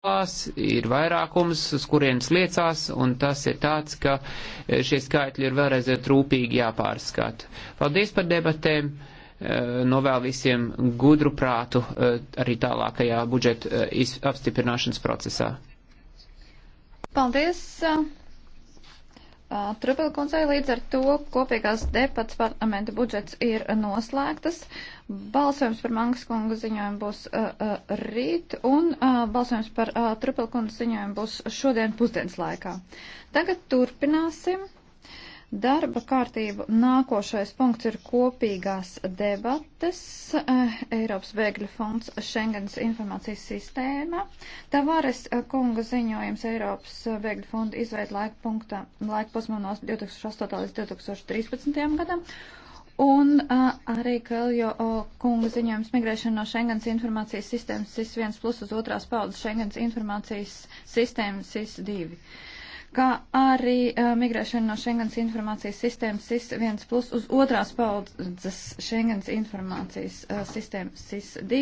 balss, ir vairākums, uz kurienes liecās, un tas ir tāds, ka e, šie skaitļi ir vēlreiz trūpīgi jāpārskata. Paldies par debatēm, e, novēl visiem gudru prātu e, arī tālākajā budžeta apstiprināšanas procesā. Paldies! Uh, Trupelkundzei līdz ar to kopīgās debats parlamenta budžets ir noslēgtas. Balsojums par Mangaskunga ziņojumu būs uh, uh, rīt un uh, balsojums par uh, Trupelkundas ziņojumu būs šodien pusdienas laikā. Tagad turpināsim darba kārtību. Nākošais punkts ir kopīgās debates eh, Eiropas bēgļu fonds Schengens informācijas sistēma. Tavares eh, kunga ziņojums Eiropas eh, bēgļu fonda izveida laika punktā, laika posmā no 2008. līdz 2013. gadam. Un uh, arī Kaljo kunga ziņojums migrēšana no Schengens informācijas sistēmas SIS 1 plus uz otrās paudzes Schengens informācijas sistēmas SIS 2. Uh, kā arī uh, migrēšana no Schengens informācijas sistēmas SIS-1 plus uz otrās paudzes Schengens informācijas uh, sistēmas SIS-2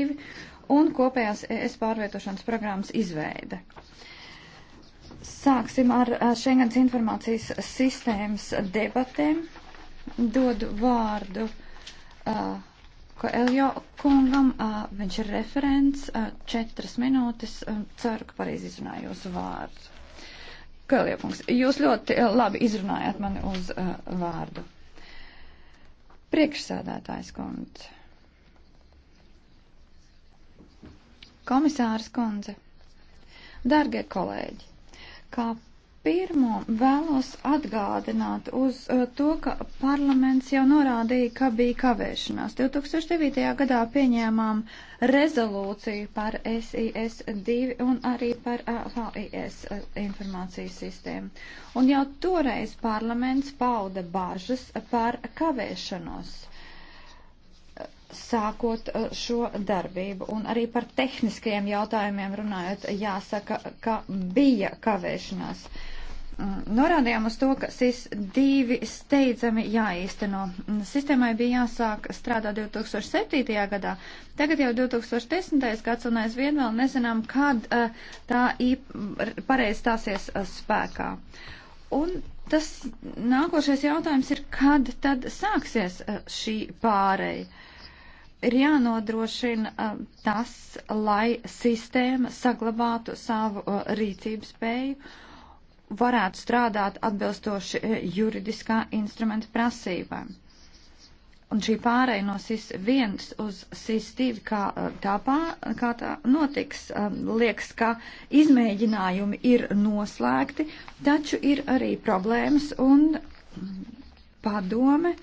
un kopējās ES pārvietošanas programmas izveide. Sāksim ar uh, Schengens informācijas sistēmas debatēm. Dodu vārdu. Uh, Koeljo kungam, uh, viņš ir referents, uh, četras minūtes, um, ceru, ka pareizi izrunājos vārdu. Kaliepungs, jūs ļoti eh, labi izrunājāt mani uz uh, vārdu. Priekšsēdētājs kundze. Komisārs kundze. Dargie kolēģi, kā pirmo vēlos atgādināt uz eh, to, ka parlaments jau norādīja, ka bija kavēšanās. 2009. gadā pieņēmām rezolūciju par SIS 2 un arī par HIS eh, eh, informācijas sistēmu. Un jau toreiz parlaments pauda bažas par kavēšanos sākot šo darbību un arī par tehniskajiem jautājumiem runājot, jāsaka, ka bija kavēšanās norādījām uz to, ka SIS divi steidzami jāīsteno. Sistēmai bija jāsāk strādāt 2007. gadā, tagad jau 2010. gads un aizvien vēl nezinām, kad uh, tā pareizi stāsies uh, spēkā. Un tas nākošais jautājums ir, kad tad sāksies uh, šī pāreja? Ir jānodrošina tas, lai sistēma saglabātu savu rīcības spēju varētu strādāt atbilstoši eh, juridiskā instrumenta prasībām. Un šī pārēja no SIS 1 uz SIS 2, kā eh, tā, pā, kā tā notiks, eh, liekas, ka izmēģinājumi ir noslēgti, taču ir arī problēmas un padome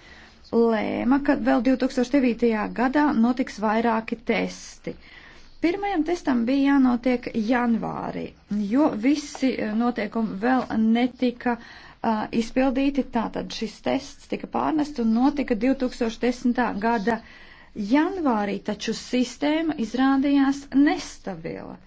lēma, ka vēl 2009. gadā notiks vairāki testi. Uh, Pirmajam testam bija jānotiek janvārī, jo visi eh, notiekumi vēl netika uh, izpildīti. Tātad šis tests tika pārnests un notika 2010. gada janvārī, taču sistēma izrādījās nestabila.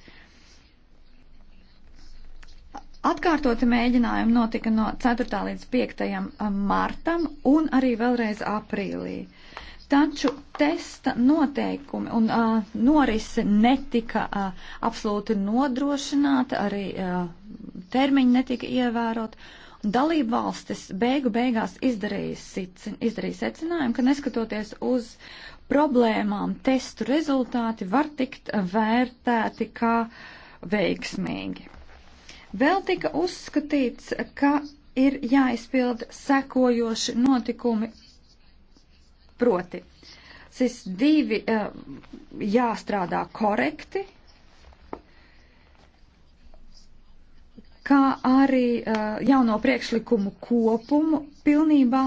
Atkārtoti mēģinājumi notika no 4. līdz 5. Eh, martam un arī vēlreiz aprīlī. Uh, Taču testa noteikumi un uh, norise netika uh, absolūti nodrošināta, arī uh, termiņi netika ievērot. Dalība valstis beigu beigās izdarīja, sicin, izdarīja secinājumu, ka neskatoties uz problēmām, testu rezultāti var tikt vērtēti kā veiksmīgi. Vēl tika uzskatīts, ka ir jāizpilda sekojoši notikumi Proti, šis divi eh, jāstrādā korekti, kā arī eh, jauno priekšlikumu kopumu pilnībā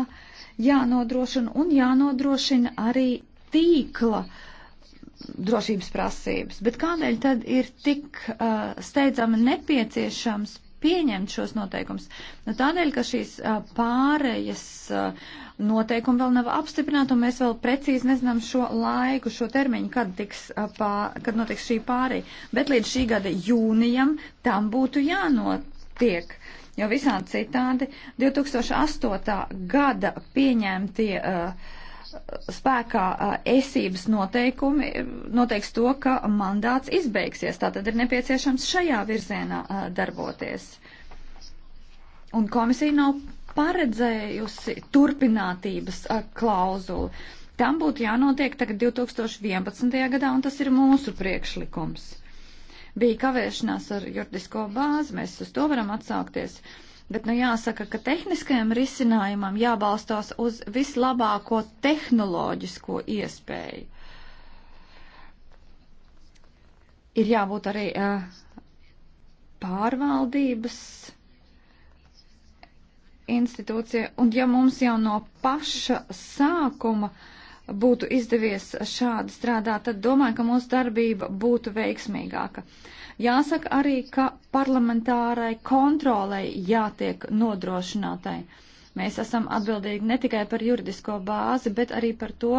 jānodrošina un jānodrošina arī tīkla drošības prasības. Bet kādēļ tad ir tik uh, steidzami nepieciešams pieņemt šos noteikumus. Nu, tādēļ, ka šīs pārējas noteikumi vēl nav apstiprināti, un mēs vēl precīzi nezinām šo laiku, šo termiņu, kad, tiks, pār, kad notiks šī pārēja. Bet līdz šī gada jūnijam tam būtu jānotiek. Jo visādi citādi 2008. gada pieņemtie uh, spēkā esības noteikumi noteiks to, ka mandāts izbeigsies. Tātad ir nepieciešams šajā virzienā darboties. Un komisija nav paredzējusi turpinātības klauzulu. Tam būtu jānotiek tagad 2011. gadā, un tas ir mūsu priekšlikums. Bija kavēšanās ar juridisko bāzi, mēs uz to varam atsaukties. Uh, Bet nu jāsaka, ka tehniskajam risinājumam jābalstās uz vislabāko tehnoloģisko iespēju. Ir jābūt arī uh, pārvaldības institūcija, un ja mums jau no paša sākuma būtu izdevies šādi strādāt, tad domāju, ka mūsu darbība būtu veiksmīgāka. Uh, Jāsaka arī, ka parlamentārai kontrolei jātiek nodrošinātai. Mēs esam atbildīgi ne tikai par juridisko bāzi, bet arī par to,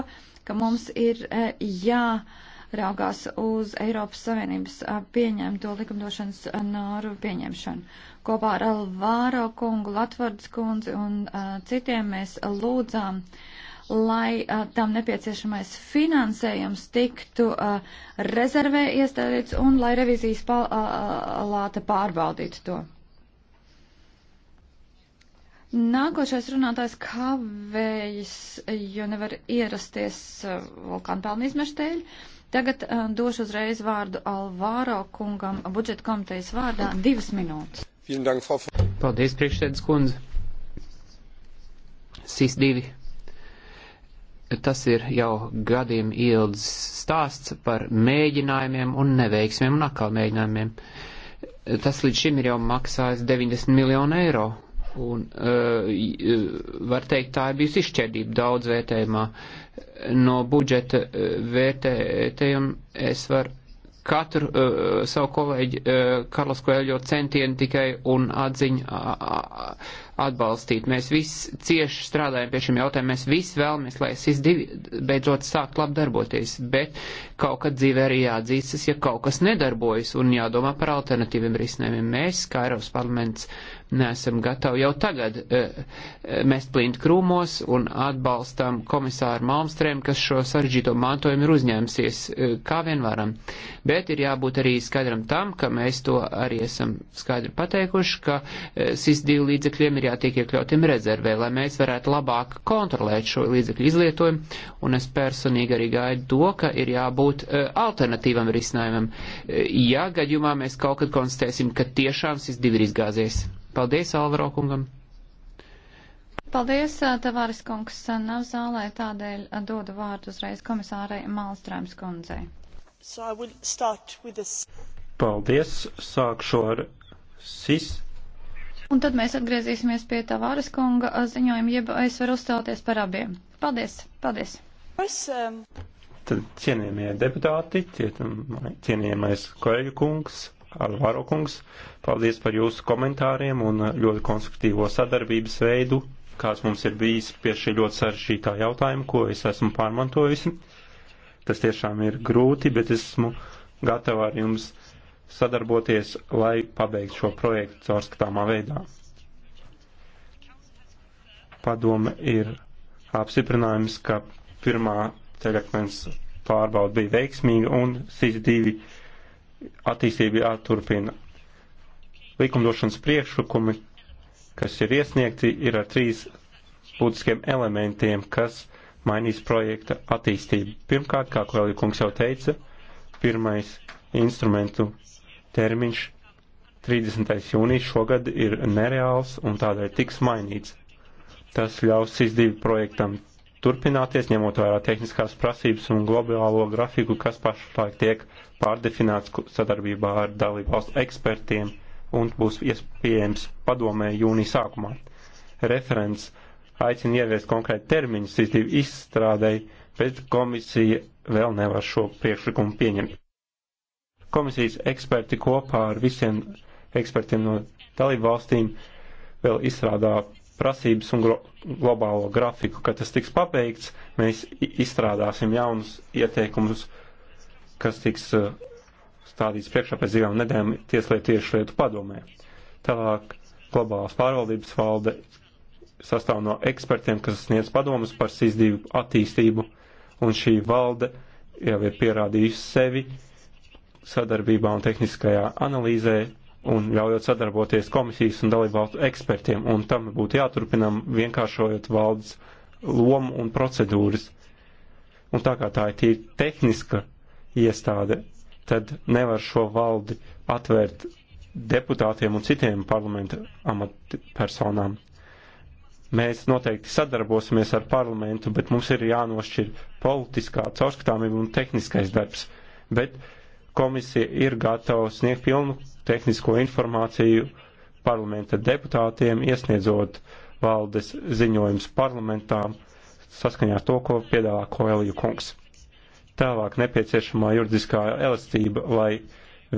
ka mums ir e, jāraugās uz Eiropas Savienības e, pieņemto likumdošanas e, nāru pieņemšanu. Kopā ar Alvāro kungu, Latvardas kundzi un citiem mēs lūdzām uh, lai uh, tam nepieciešamais finansējums tiktu uh, rezervē iestādīts un lai revizijas palāta pārbaudītu to. Nākošais runātājs kavējas, jo nevar ierasties uh, vulkāna pelnu izmešu dēļ. Tagad uh, došu uzreiz vārdu Alvāro kungam budžeta komitejas vārdā divas minūtes. Paldies, priekšsēdus kundze. SIS 2 tas ir jau gadiem ilgs stāsts par mēģinājumiem un neveiksmiem un atkal mēģinājumiem. Tas līdz šim ir jau maksājis 90 miljonu eiro. Un uh, var teikt, tā ir bijusi izšķērdība daudz vērtējumā. No budžeta eh, vērtējuma es varu katru uh, savu kolēģi uh, Karlos Koeļo centienu tikai un atziņu uh, atbalstīt. Mēs visi cieši strādājam pie šiem jautājumiem, mēs visi vēlamies, lai SIS-2 beidzot sākt labi darboties, bet kaut kad dzīvē arī jāatdzīstas, ja kaut kas nedarbojas un jādomā par alternatīviem risinājumiem. Mēs, kā Eiropas parlaments, neesam gatavi jau tagad eh, eh, mest plint krūmos un atbalstam komisāru Malmstrēm, kas šo sarežģīto mantojumu ir uzņēmsies, eh, kā vien varam. Bet ir jābūt arī skaidram tam, ka mēs to arī esam skaidri pateikuši, ka SIS-2 līdzekļiem ir jātiek iekļautiem rezervē, lai mēs varētu labāk kontrolēt šo līdzekļu izlietojumu, un es personīgi arī gaidu to, ka ir jābūt alternatīvam risinājumam. Ja gadījumā mēs kaut kad konstatēsim, ka tiešām SIS-2 ir izgāzies. Paldies, Alvaro kungam! Paldies, Tavares kungs, nav zālē, tādēļ dodu vārdu uzreiz komisārai Malstrāms kundzei. So Paldies, sākšu ar SIS Un tad mēs atgriezīsimies pie tā Vāras kunga ziņojuma, jeb es varu uzstāties par abiem. Paldies! Paldies! Um, tad cienījamie deputāti, cienījamais kolēģu kungs, Alvaro kungs, paldies par jūsu komentāriem un ļoti konstruktīvo sadarbības veidu, kāds mums ir bijis pie šī ļoti sarežģītā jautājuma, ko es esmu pārmantojusi. Tas tiešām ir grūti, bet esmu gatava ar jums sadarboties, lai pabeigtu šo projektu caurskatāmā veidā. Padome ir apstiprinājums, ka pirmā ceļakmens pārbauda bija veiksmīga un SIS 2 attīstība jāturpina. Likumdošanas priekšlikumi, kas ir iesniegti, ir ar trīs būtiskiem elementiem, kas mainīs projekta attīstību. Pirmkārt, kā Koelija kungs jau teica, pirmais instrumentu termiņš 30. jūnijas šogad ir nereāls un tādēļ tiks mainīts. Tas ļaus SIS2 projektam turpināties, ņemot vērā tehniskās prasības un globālo grafiku, kas pašlaik tiek pārdefinēts sadarbībā ar dalību valstu ekspertiem un būs iespējams padomē jūnija sākumā. Referents aicina ieviest konkrēti termiņu sistību izstrādēji, bet komisija vēl nevar šo priekšlikumu pieņemt. Komisijas eksperti kopā ar visiem ekspertiem no dalību valstīm vēl izstrādā prasības un glo globālo grafiku. Kad tas tiks pabeigts, mēs izstrādāsim jaunus ieteikumus, kas tiks uh, stādīts priekšā pēc divām nedēļām tieslietu tiešlietu padomē. Tālāk globālās pārvaldības valde sastāv no ekspertiem, kas sniedz padomus par SIS-2 attīstību, un šī valde jau ir pierādījusi sevi sadarbībā un tehniskajā analīzē un ļaujot sadarboties komisijas un dalībvalstu ekspertiem, un tam būtu jāturpinam vienkāršojot valdes lomu un procedūras. Un tā kā tā ir tīri tehniska iestāde, tad nevar šo valdi atvērt deputātiem un citiem parlamenta amatpersonām. Mēs noteikti sadarbosimies ar parlamentu, bet mums ir jānošķir politiskā caurskatāmība un tehniskais darbs. Bet Komisija ir gatava sniegt pilnu tehnisko informāciju parlamenta deputātiem, iesniedzot valdes ziņojums parlamentām saskaņā ar to, ko piedāvā Koeliju kungs. Tālāk nepieciešamā juridiskā elastība, lai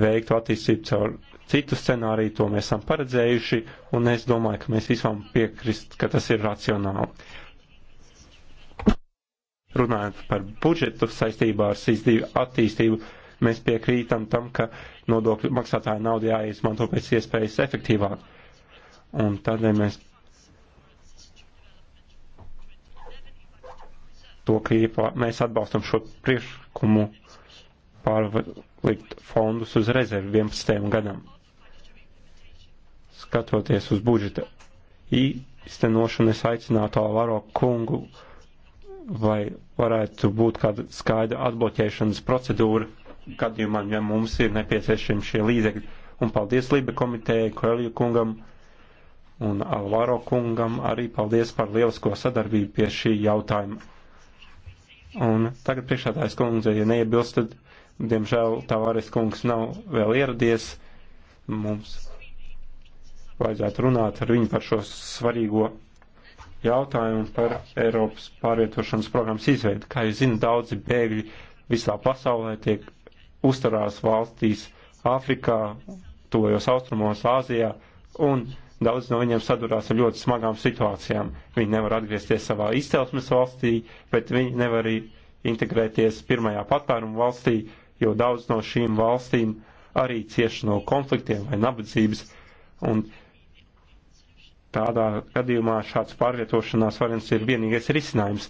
veiktu attīstību caur citu scenāriju, to mēs esam paredzējuši, un es domāju, ka mēs visam piekrist, ka tas ir racionāli. Runājot par budžetu saistībā ar SIS2 attīstību, Mēs piekrītam tam, ka nodokļu maksātāja nauda jāizmanto pēc iespējas efektīvāk. Un tādēļ mēs to, ka īpā, mēs atbalstam šo priekšlikumu pārlikt fondus uz rezervi 11. gadam. Skatoties uz budžeta īstenošanu, es aicinātu Alvaro kungu vai varētu būt kāda skaida atbloķēšanas procedūra gadījumā, ja mums ir nepieciešami šie līdzekļi. Un paldies Lība komitējai, Koelju kungam un Alvaro kungam arī paldies par lielisko sadarbību pie šī jautājuma. Un tagad priekšādājas kundze, ja neiebilst, tad, diemžēl, Tavares kungs nav vēl ieradies. Mums vajadzētu runāt ar viņu par šo svarīgo jautājumu par Eiropas pārvietošanas programmas izveidu. Kā jūs zinat, daudzi bēgļi visā pasaulē tiek uzturās valstīs Āfrikā, tuvajos austrumos, Āzijā, un daudz no viņiem sadurās ar ļoti smagām situācijām. Viņi nevar atgriezties savā izcelsmes valstī, bet viņi nevar arī integrēties pirmajā patvērumu valstī, jo daudz no šīm valstīm arī cieši no konfliktiem vai nabadzības. Un tādā gadījumā šāds pārvietošanās variants ir vienīgais risinājums.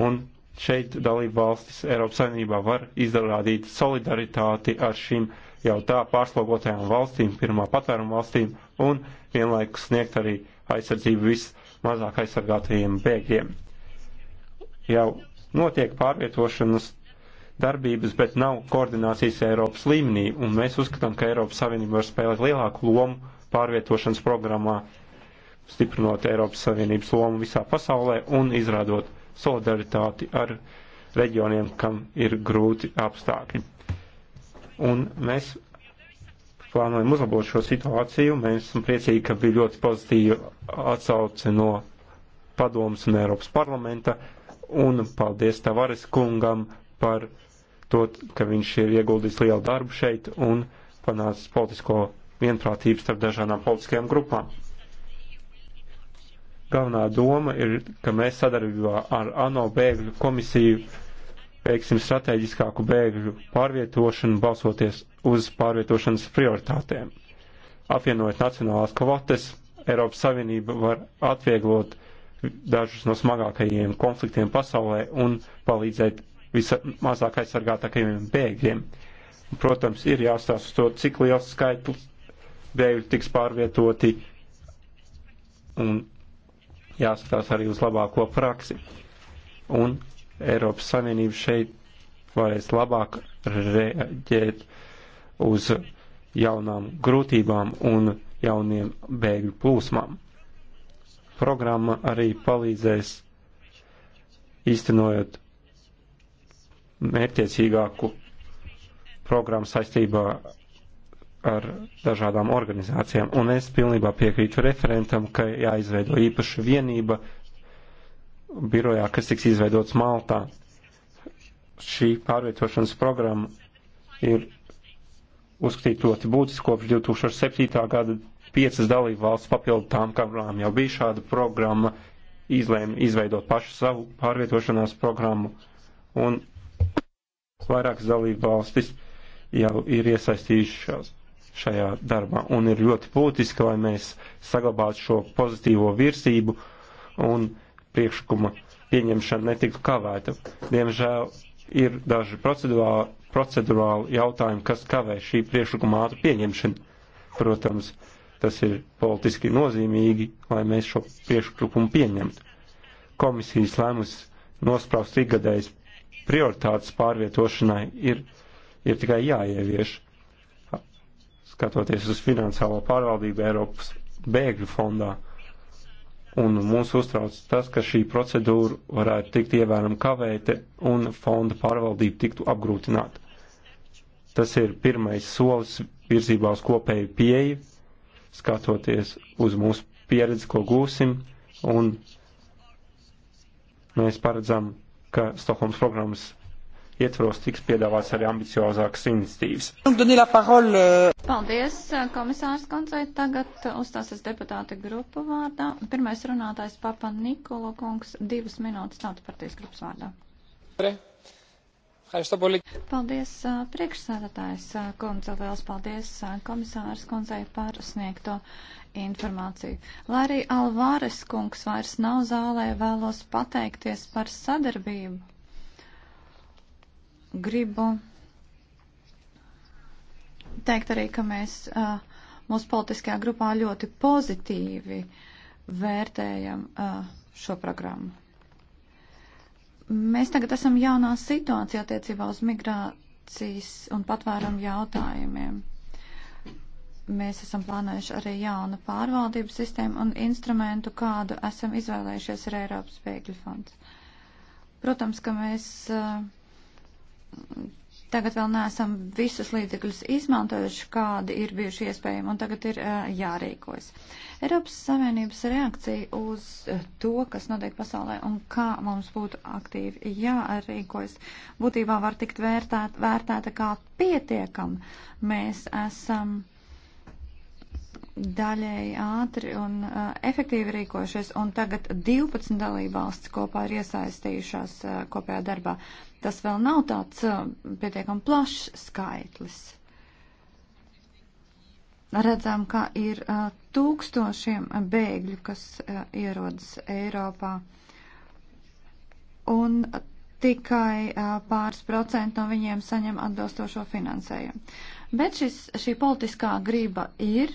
Un šeit dalību valstis Eiropas saimnībā var izrādīt solidaritāti ar šīm jau tā pārslogotajām valstīm, pirmā patvēruma valstīm, un vienlaikus sniegt arī aizsardzību vismazāk aizsargātajiem bēgļiem. Jau notiek pārvietošanas darbības, bet nav koordinācijas Eiropas līmenī, un mēs uzskatām, ka Eiropas Savienība var spēlēt lielāku lomu pārvietošanas programmā, stiprinot Eiropas Savienības lomu visā pasaulē un izrādot solidaritāti ar reģioniem, kam ir grūti apstākļi. Un mēs plānojam uzlabot šo situāciju. Mēs esam priecīgi, ka bija ļoti pozitīva atsauce no padomas un Eiropas parlamenta. Un paldies Tavares kungam par to, ka viņš ir ieguldījis lielu darbu šeit un panācis politisko vienprātību starp dažādām politiskajām grupām. Galvenā doma ir, ka mēs sadarbībā ar ANO bēgļu komisiju veiksim strateģiskāku bēgļu pārvietošanu, balsoties uz pārvietošanas prioritātēm. Apvienojot nacionālās kvotes, Eiropas Savienība var atvieglot dažus no smagākajiem konfliktiem pasaulē un palīdzēt vismazāk aizsargātākajiem bēgļiem. Protams, ir jāstāsta uz to, cik liels skaitlis bēgļu tiks pārvietoti un jāskatās arī uz labāko praksi. Un Eiropas Savienība šeit varēs labāk reaģēt uz jaunām grūtībām un jauniem bēgļu plūsmām. Programma arī palīdzēs īstenojot mērķiecīgāku programmu saistībā ar dažādām organizācijām. Un es pilnībā piekrītu referentam, ka jāizveido īpaša vienība birojā, kas tiks izveidots Maltā. Šī pārvietošanas programma ir uzskatīta ļoti būtiska kopš 2007. gada piecas dalību valsts papildu tām, kam jau bija šāda programma, izlēma izveidot pašu savu pārvietošanās programmu. Un vairākas dalību valstis jau ir iesaistījušās šajā darbā. Un ir ļoti būtiski, lai mēs saglabātu šo pozitīvo virsību un priekšlikuma pieņemšana netiktu kavēta. Diemžēl ir daži procedurāli, procedurāli jautājumi, kas kavē šī priekšlikuma ātru pieņemšanu. Protams, tas ir politiski nozīmīgi, lai mēs šo priekšlikumu pieņemtu. Komisijas lēmums nospraust ikgadējas prioritātes pārvietošanai ir, ir tikai jāievieš skatoties uz finansiālo pārvaldību Eiropas bēgļu fondā. Un mūs uztrauc tas, ka šī procedūra varētu tikt ievērama kavēta un fonda pārvaldība tiktu apgrūtināta. Tas ir pirmais solis virzībā uz kopēju pieeju, skatoties uz mūsu pieredzi, ko gūsim, un mēs paredzam, ka Stokholmas programmas ietvaros tiks piedāvāts arī ambiciozākas iniciatīvas. Paldies, komisārs Koncei. Tagad uzstāsies deputāta grupu vārdā. Pirmais runātājs Papa Nikolo kungs, divas minūtes tautas partijas grupas vārdā. Pre. Paldies, priekšsēdētājs kundze, liels paldies komisārs kundzei par sniegto informāciju. Lai arī Alvāres kungs vairs nav zālē, vēlos pateikties par sadarbību gribu teikt arī, ka mēs uh, mūsu politiskajā grupā ļoti pozitīvi vērtējam uh, šo programmu. Mēs tagad esam jaunā situācijā attiecībā uz migrācijas un patvērumu jautājumiem. Mēs esam plānojuši arī jaunu pārvaldības sistēmu un instrumentu, kādu esam izvēlējušies ar Eiropas bēgļu fonds. Protams, ka mēs uh, tagad vēl neesam visus līdzekļus izmantojuši, kādi ir bijuši iespējami, un tagad ir uh, jārīkojas. Eiropas Savienības reakcija uz eh, to, kas notiek pasaulē un kā mums būtu aktīvi jārīkojas, būtībā var tikt vērtēt, vērtēta kā pietiekam. Mēs esam daļēji ātri un uh, efektīvi rīkojušies, un tagad 12 dalībvalsts kopā ir iesaistījušās uh, kopējā darbā. Tas vēl nav tāds uh, pietiekami plašs skaitlis. Redzam, ka ir uh, tūkstošiem bēgļu, kas uh, ierodas Eiropā. Un tikai pāris procenti no viņiem saņem atbilstošo finansējumu. Bet šis, šī politiskā grība ir,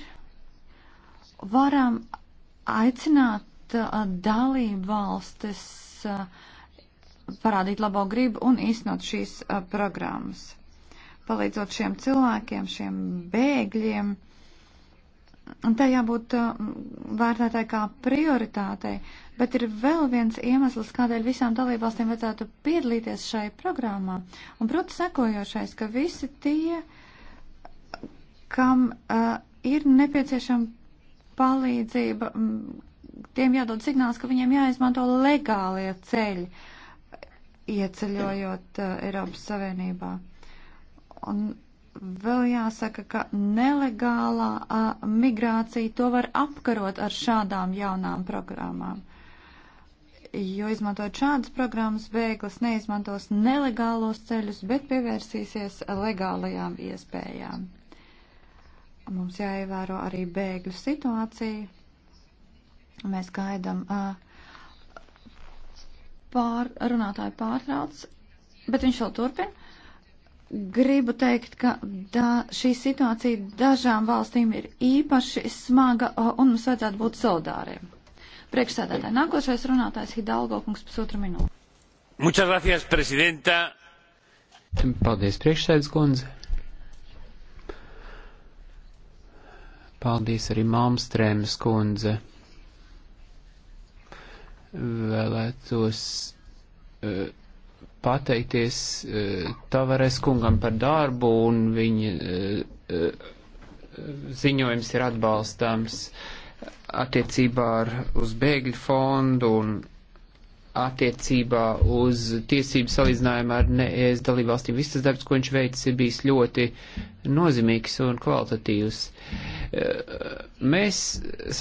varam aicināt dalību valstis uh, parādīt labo gribu un īstenot šīs uh, programmas. Palīdzot šiem cilvēkiem, šiem bēgļiem, un tā jābūt uh, vērtētai kā prioritātei, bet ir vēl viens iemesls, kādēļ visām dalībvalstīm vajadzētu piedalīties šai programmā. Un, protams, sekojošais, ka visi tie, kam uh, ir nepieciešama palīdzība, tiem jādod signāls, ka viņiem jāizmanto legālie ceļi. Uh, ieceļojot eh, Eiropas Savienībā. Un vēl jāsaka, ka nelegālā a, eh, migrācija to var apkarot ar šādām jaunām programmām. Jo izmantojot šādas programmas, bēglis neizmantos nelegālos ceļus, bet pievērsīsies legālajām iespējām. Mums jāievēro arī bēgļu situācija. Mēs gaidām uh, eh, pār, runātāju pārtrauc, bet viņš vēl turpina. Gribu teikt, ka da, šī situācija dažām valstīm ir īpaši smaga un mums vajadzētu būt solidāriem. Priekšsēdētāji, nākošais runātājs Hidalgo kungs pusotru minūti. Muchas gracias, presidenta. Paldies, priekšsēdētas kundze. Paldies arī Malmstrēmas kundze vēlētos uh, pateikties uh, Tavares kungam par darbu un viņa uh, ziņojums ir atbalstāms attiecībā ar uz bēgļu fondu un attiecībā uz tiesību salīdzinājumu ar neēs dalībvalstīm. Viss tas darbs, ko viņš veicis, ir bijis ļoti nozīmīgs un kvalitatīvs. E, mēs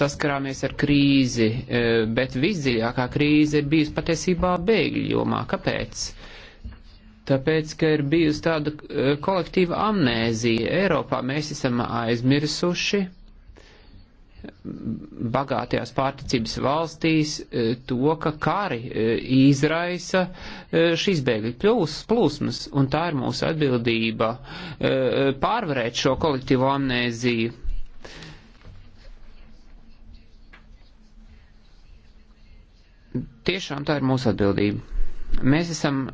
saskarāmies ar krīzi, e, bet visdziļākā krīze ir bijusi patiesībā bēgļu jomā. Kāpēc? Tāpēc, ka ir bijusi tāda e, kolektīva amnēzija. Eiropā mēs esam aizmirsuši bagātajās pārticības valstīs e, to, ka kari e, izraisa e, šīs bēgļu plūsmas, un tā ir mūsu atbildība pārvarēt šo kolektīvo amnēziju. Tiešām tā ir mūsu atbildība. Mēs esam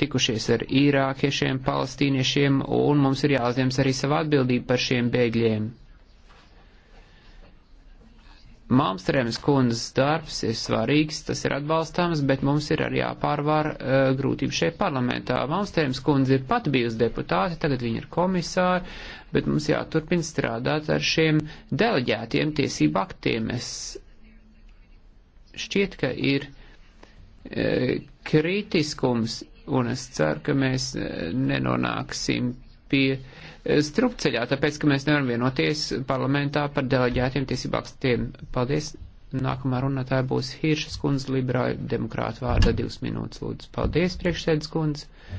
tikušies ar īrākiešiem, palestīniešiem, un mums ir jāuzņems arī sava atbildība par šiem bēgļiem. Malmstrēmas kundzes darbs ir svarīgs, tas ir atbalstāms, bet mums ir arī jāpārvar uh, e, grūtību šeit parlamentā. Malmstrēmas kundze ir pat bijusi deputāte, tagad viņa ir komisāra, bet mums jāturpina strādāt ar šiem deleģētiem tiesību aktiem. Es šķiet, ka ir uh, kritiskums, un es ceru, ka mēs uh, nenonāksim pie e, strupceļā, tāpēc, ka mēs nevaram vienoties parlamentā par deleģētiem tiesību akstiem. Paldies! Nākamā runātāja būs Hiršas kundze, liberāļu demokrātu vārda divas minūtes lūdzu. Paldies, priekšsēdus kundze,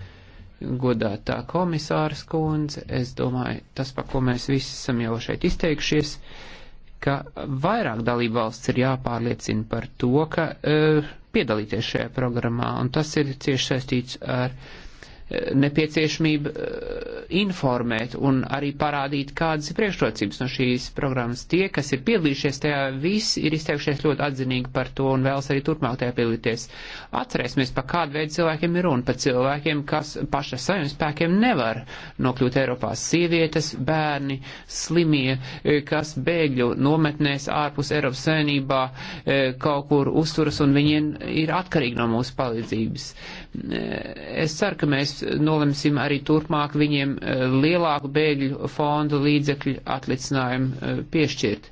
godātā komisāras kundze. Es domāju, tas, par ko mēs visi esam jau šeit izteikušies, ka vairāk dalību valsts ir jāpārliecina par to, ka uh, piedalīties šajā programmā, un tas ir cieši saistīts ar uh, nepieciešamība eh, informēt un arī parādīt, kādas ir priekšrocības no šīs programmas. Tie, kas ir piedalījušies tajā, visi ir izteikušies ļoti atzinīgi par to un vēlas arī turpmāk tajā piedalīties. Atcerēsimies, pa kādu veidu cilvēkiem ir runa, pa cilvēkiem, kas paša saviem spēkiem nevar nokļūt Eiropā. Sievietes, bērni, slimie, eh, kas bēgļu nometnēs ārpus Eiropas savienībā eh, kaut kur uzturas un viņiem ir atkarīgi no mūsu palīdzības. Uh, Es ceru, ka mēs nolemsim arī turpmāk viņiem e, lielāku bēgļu fondu līdzekļu atlicinājumu e, piešķirt.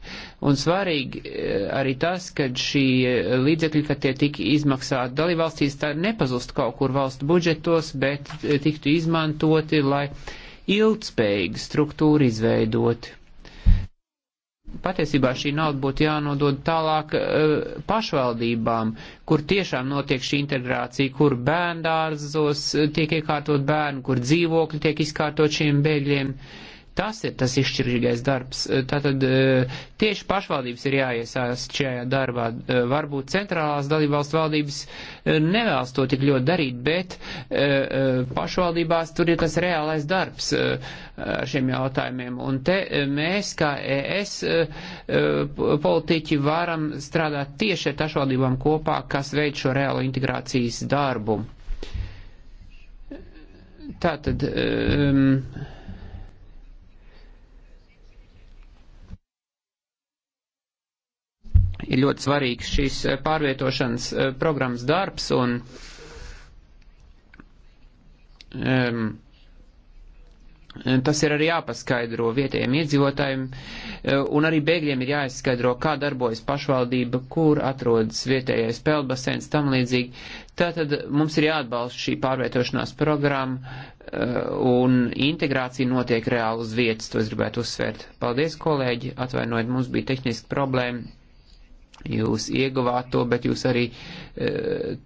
Un svarīgi e, arī tas, ka šī līdzekļi, kad tie tika izmaksāti dalībvalstīs, tā nepazust kaut kur valstu budžetos, bet tiktu izmantoti, lai ilgspējīgu struktūru izveidot patiesībā šī nauda būtu jānodod tālāk uh, pašvaldībām, kur tiešām notiek šī integrācija, kur bērndārzos eh, tiek iekārtot bērni, kur dzīvokļi tiek izkārtot šiem bēgļiem. Uh, Tas ir tas izšķirīgais darbs. Eh, tātad eh, tieši pašvaldības ir jāiesaist šajā darbā. Eh, varbūt centrālās dalībvalstu valdības nevēlas to tik ļoti darīt, bet pašvaldībās tur ir tas reālais darbs ar šiem jautājumiem. Un te mēs, kā ES politiķi, varam strādāt tieši ar pašvaldībām kopā, kas veid šo reālo integrācijas darbu. Tātad. Um, ir ļoti svarīgs šīs eh, pārvietošanas eh, programmas darbs un um, Tas ir arī jāpaskaidro vietējiem iedzīvotājiem, eh, un arī bēgļiem ir jāizskaidro, kā darbojas pašvaldība, kur atrodas vietējais peldbaseins, tam līdzīgi. Tātad mums ir jāatbalsta šī pārvietošanās programma, un integrācija notiek reāli uz vietas, to es gribētu uzsvērt. Paldies, kolēģi, atvainojiet, mums bija tehniski problēma Jūs ieguvāt to, bet jūs arī e,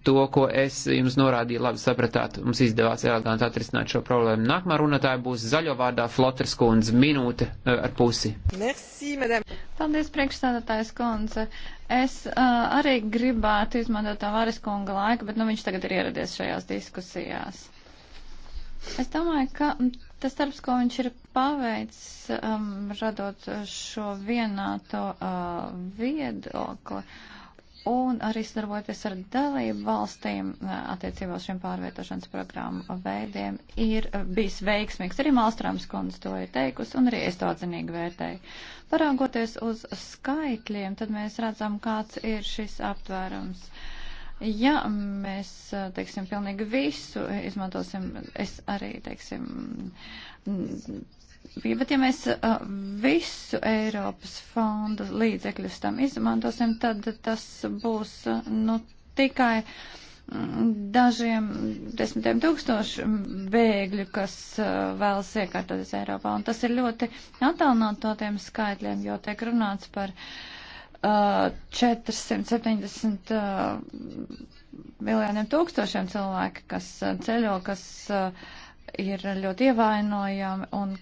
to, ko es jums norādīju, labi sapratāt. Mums izdevās eleganti atrisināt šo problēmu. Nākamā runātāja būs zaļo vārdā Flotras kundze, minūte e, ar pusi. Merci, madame. Paldies, priekšstādātājs kundze. Es uh, arī gribētu izmantot tā varas kunga laiku, bet nu viņš tagad ir ieradies šajās diskusijās. Es domāju, ka Tas darbs, ko viņš ir paveicis, um, radot šo vienāto uh, viedokli un arī sadarbojoties ar dalību valstīm uh, attiecībā uz šiem pārvietošanas programmu veidiem, ir uh, bijis veiksmīgs. Arī Malstrāms kundze to ir teikusi un arī es to atzinīgi vērtēju. Paraugoties uz skaitļiem, tad mēs redzam, kāds ir šis aptvērums. Uh, Ja mēs, teiksim, pilnīgi visu izmantosim, es arī, teiksim, bet ja mēs visu Eiropas fondu līdzekļus tam izmantosim, tad tas būs, nu, tikai dažiem desmitiem tūkstošu bēgļu, kas vēlas iekārtoties Eiropā. Un tas ir ļoti attālināt no tiem skaitļiem, jo tiek runāts par. Uh, 470 miljoniem tūkstošiem cilvēku, kas ceļo, kas ir ļoti ievainojami un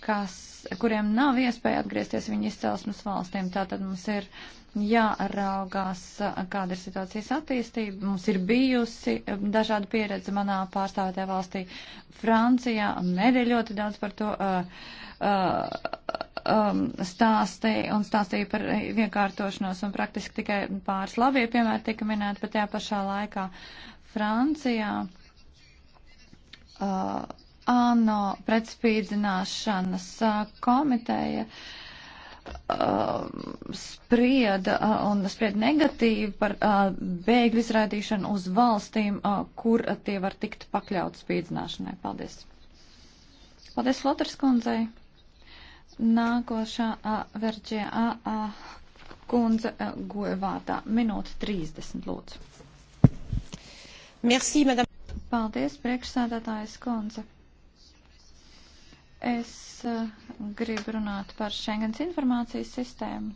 kas, kuriem nav iespēja atgriezties viņu izcelsmes valstīm. Tātad mums ir jāraugās, kāda ir situācijas attīstība. Mums ir bijusi dažāda pieredze manā pārstāvētajā valstī Francijā, un arī ļoti daudz par to. Uh, uh, um, stāstīja un stāstīja par vienkārtošanos un praktiski tikai pāris labie piemēri tika minēti, bet tajā pašā laikā Francijā uh, ANO pretspīdzināšanas uh, komiteja uh, sprieda uh, un sprieda negatīvi par uh, bēgļu izraidīšanu uz valstīm, uh, kur uh, tie var tikt pakļaut spīdzināšanai. Paldies! Paldies Flotars kundzei! Nākošā Verģē kundze Guevātā. Minūte 30, lūdzu. Merci, madame. Paldies, priekšsēdētājas kundze. Es uh, gribu runāt par Schengens informācijas sistēmu.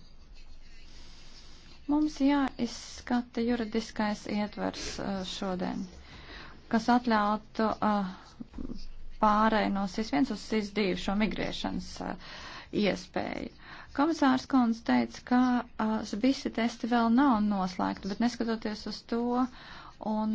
Mums jāizskata juridiskais ietvers uh, šodien, kas atļautu uh, pārēj no SIS 1 uz SIS 2 šo migrēšanas uh, iespēju. Komisārs Kons teica, ka uh, visi testi vēl nav noslēgti, bet neskatoties uz to, un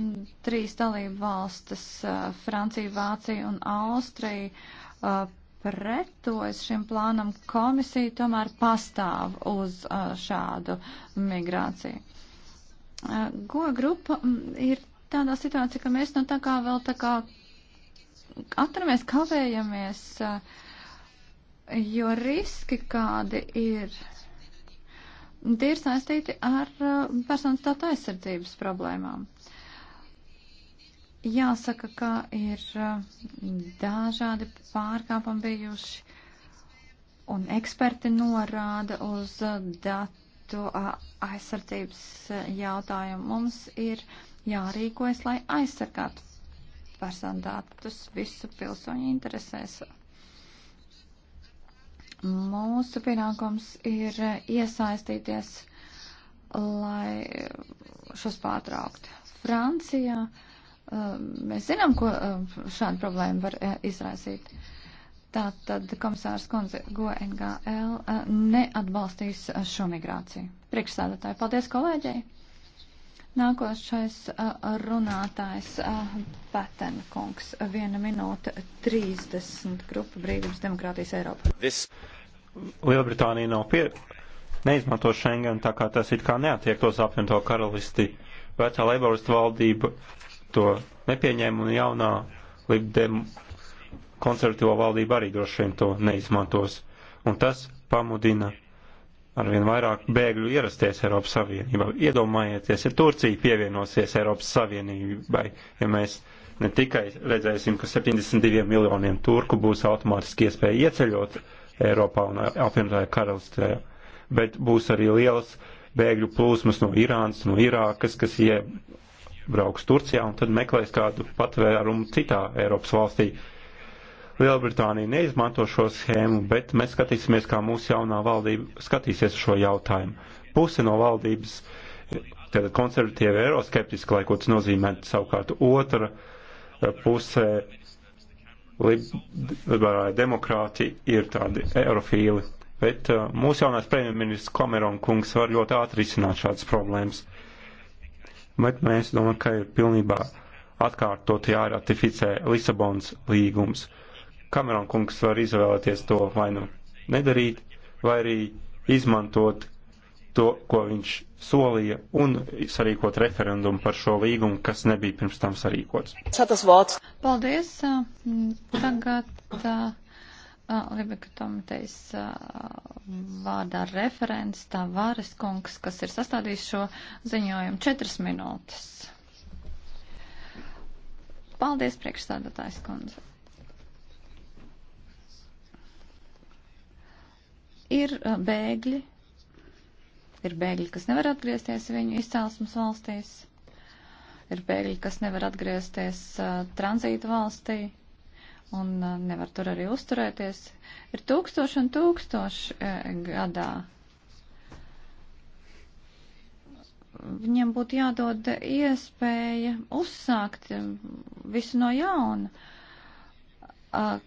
trīs dalību valstis uh, - Francija, Vācija un Austrija uh, pretojas šim plānam, komisija tomēr pastāv uz uh, šādu migrāciju. Uh, go grupa ir tādā situācija, ka mēs nu tā kā vēl tā kā atramies, kavējamies. Uh, jo riski, kādi ir, tie ir saistīti ar uh, personas datu aizsardzības problēmām. Jāsaka, ka ir uh, dažādi pārkāpumi bijuši, un eksperti norāda uz uh, datu aizsardzības jautājumu. Mums ir jārīkojas, lai aizsargātu personu datus visu pilsoņu interesēs Mūsu pienākums ir iesaistīties, lai šos pārtrauktu. Francijā um, mēs zinām, ko um, šāda problēma var uh, izraisīt. Tātad komisārs Konze GNGL uh, neatbalstīs uh, šo migrāciju. Priekšsēdētāji, paldies kolēģei! Nākošais uh, runātājs Patena uh, kungs. Viena minūte 30. Grupa Brīvības demokrātijas Eiropa. This... Lielbritānija nav pie... neizmanto Schengen, tā kā tas it kā neatiektos apvienoto karalisti. Vecā leiboristu valdība to nepieņēma un jaunā libdem konservatīvo valdība arī droši vien to neizmantos. Un tas pamudina arvien vairāk bēgļu ierasties Eiropas Savienībā. Iedomājieties, ja Turcija pievienosies Eiropas Savienībai, ja mēs ne tikai redzēsim, ka 72 miljoniem turku būs automātiski iespēja ieceļot Eiropā un apvienotāju karalistē, bet būs arī liels bēgļu plūsmas no Irānas, no Irākas, kas iebrauks Turcijā un tad meklēs kādu patvērumu citā Eiropas valstī. Lielbritānija neizmanto šo schēmu, bet mēs skatīsimies, kā mūsu jaunā valdība skatīsies šo jautājumu. Puse no valdības, tātad konservatīvi eiroskeptiski, lai ko tas nozīmē, savukārt otra puse liberāli demokrāti ir tādi eirofīli. Bet uh, mūsu jaunais premjerministrs Kamerona kungs var ļoti ātri izsināt šādas problēmas. Bet mēs domājam, ka ir pilnībā atkārtot jāratificē Lisabonas līgums. Kameron kungs var izvēlēties to vai nu nedarīt, vai arī izmantot to, ko viņš solīja, un sarīkot referendumu par šo līgumu, kas nebija pirms tam sarīkots. Cetas vārds. Paldies. Tagad uh, uh Libeka Tomiteis uh, vārdā referents tā Vāres kungs, kas ir sastādījis šo ziņojumu četras minūtes. Paldies, priekšstādātājs kundze. Ir uh, bēgļi, ir bēgļi, kas nevar atgriezties viņu izcelsmes valstīs, ir bēgļi, kas nevar atgriezties uh, tranzīta valstī un uh, nevar tur arī uzturēties. Ir tūkstoši un tūkstoši uh, gadā. Viņiem būtu jādod iespēja uzsākt um, visu no jauna. Uh,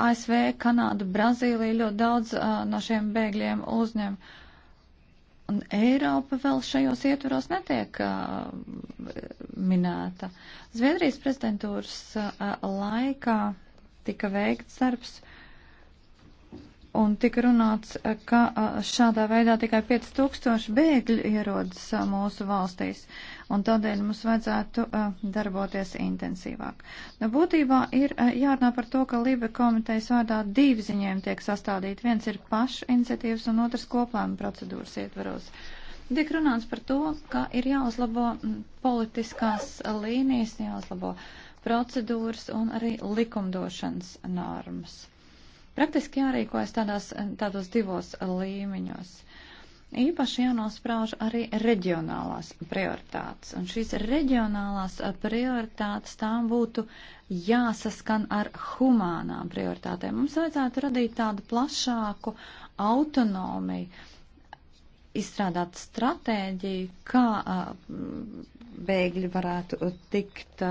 ASV, Kanāda, Brazīlija ļoti daudz uh, no šiem bēgļiem uzņem. Un Eiropa vēl šajos ietvaros netiek uh, minēta. Zviedrijas prezidentūras uh, laikā tika veikts darbs un tika runāts, ka uh, šādā veidā tikai 5000 bēgļu ierodas uh, mūsu valstīs. Uh, un tādēļ mums vajadzētu darboties intensīvāk. Nu, būtībā ir jārunā par to, ka Libe komitejas vārdā divi ziņojumi tiek sastādīti. Viens ir pašu iniciatīvas un otrs koplēma procedūras ietvaros. Tiek runāts par to, ka ir jāuzlabo politiskās līnijas, jāuzlabo procedūras un arī likumdošanas normas. Praktiski jārīkojas tādās, tādos divos līmeņos. Īpaši jānosprauž arī reģionālās prioritātes. Un šīs reģionālās prioritātes tām būtu jāsaskan ar humānām prioritātēm. Mums vajadzētu radīt tādu plašāku autonomiju, izstrādāt stratēģiju, kā bēgļi varētu tikt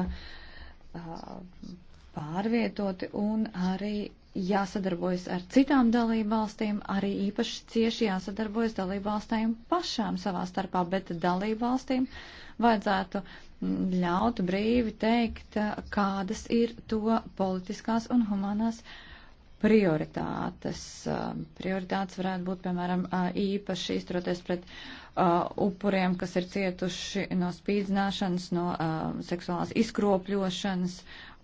pārvietoti un arī jāsadarbojas ar citām dalībvalstīm, arī īpaši cieši jāsadarbojas dalībvalstīm pašām savā starpā, bet dalībvalstīm vajadzētu mm, ļaut brīvi teikt, kādas ir to politiskās un humanās prioritātes. Prioritātes varētu būt, piemēram, īpaši izturoties pret upuriem, kas ir cietuši no spīdzināšanas, no seksuālās izkropļošanas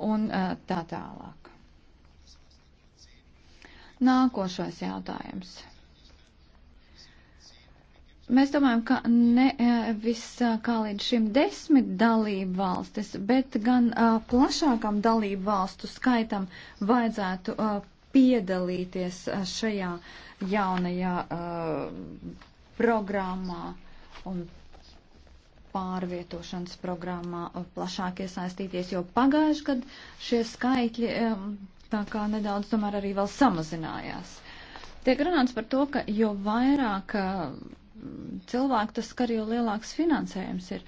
un tā tālāk. Nākošais jautājums. Mēs domājam, ka nevis e, e, kā līdz šim desmit dalību valstis, bet gan uh, plašākam dalību valstu skaitam vajadzētu uh, piedalīties uh, šajā jaunajā uh, programmā un pārvietošanas programmā plašāk iesaistīties, jo pagājuši gadu šie skaitļi. Um, tā kā nedaudz tomēr arī vēl samazinājās. Tiek runāts par to, ka jo vairāk cilvēku tas skar, jo lielāks finansējums ir.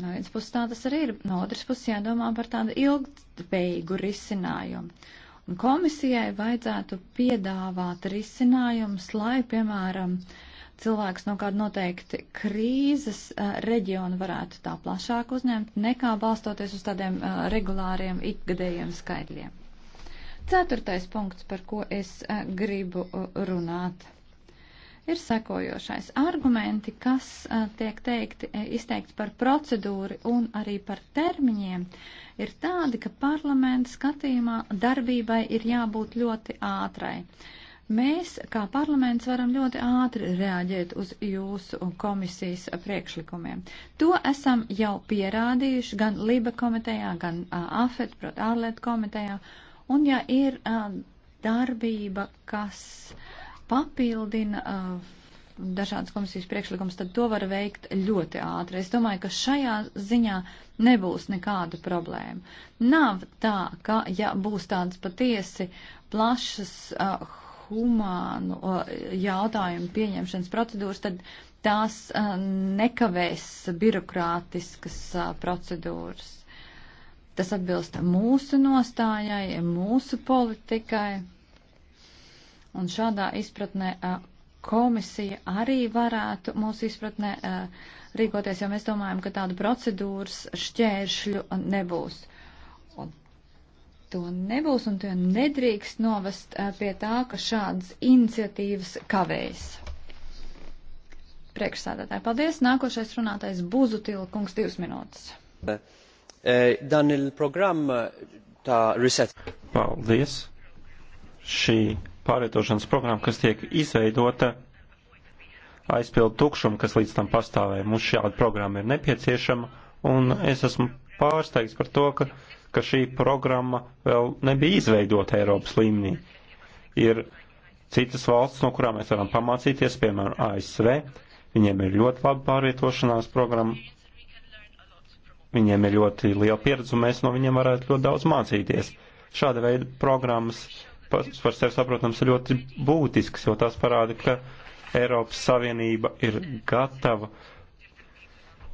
No vienas puses tā tas arī ir, no otras puses jādomā par tādu ilgspējīgu risinājumu. Un komisijai vajadzētu piedāvāt risinājumus, lai, piemēram, cilvēks no kāda noteikti krīzes uh, reģiona varētu tā plašāk uzņemt, nekā balstoties uz tādiem uh, regulāriem ikgadējiem skaidļiem. Ceturtais punkts, par ko es eh, gribu uh, runāt, ir sekojošais. Argumenti, kas eh, tiek teikti, eh, izteikti par procedūru un arī par termiņiem, ir tādi, ka parlamenta skatījumā darbībai ir jābūt ļoti ātrai. Mēs, kā parlaments, varam ļoti ātri reaģēt uz jūsu komisijas priekšlikumiem. To esam jau pierādījuši gan Liba komitejā, gan AFET, proti, ārlietu komitejā, Un ja ir uh, darbība, kas papildina uh, dažādas komisijas priekšlikums, tad to var veikt ļoti ātri. Es domāju, ka šajā ziņā nebūs nekāda problēma. Nav tā, ka ja būs tādas patiesi plašas uh, humānu uh, jautājumu pieņemšanas procedūras, tad tās uh, nekavēs birokrātiskas uh, procedūras. Tas atbilst mūsu nostājai, mūsu politikai. Un šādā izpratnē komisija arī varētu mūsu izpratnē rīkoties, jo mēs domājam, ka tādu procedūras šķēršļu nebūs. Un to nebūs un to nedrīkst novest pie tā, ka šādas iniciatīvas kavējas. Priekšsādātāji, paldies. Nākošais runātais Buzutil kungs divas minūtes. Bet. Eh, dan il-programm eh, ta' reset. Paldies. Šī pārvietošanas programma, kas tiek izveidota, aizpild tukšumu, kas līdz tam pastāvēja. Mums šāda programma ir nepieciešama, un es esmu pārsteigts par to, ka, ka šī programma vēl nebija izveidota Eiropas līmenī. Ir citas valsts, no kurām mēs varam pamācīties, piemēram, ASV. Viņiem ir ļoti laba pārvietošanās programma, Viņiem ir ļoti liela pieredze, un mēs no viņiem varētu ļoti daudz mācīties. Šāda veida programmas pats par sevi saprotams ir ļoti būtisks, jo tās parāda, ka Eiropas Savienība ir gatava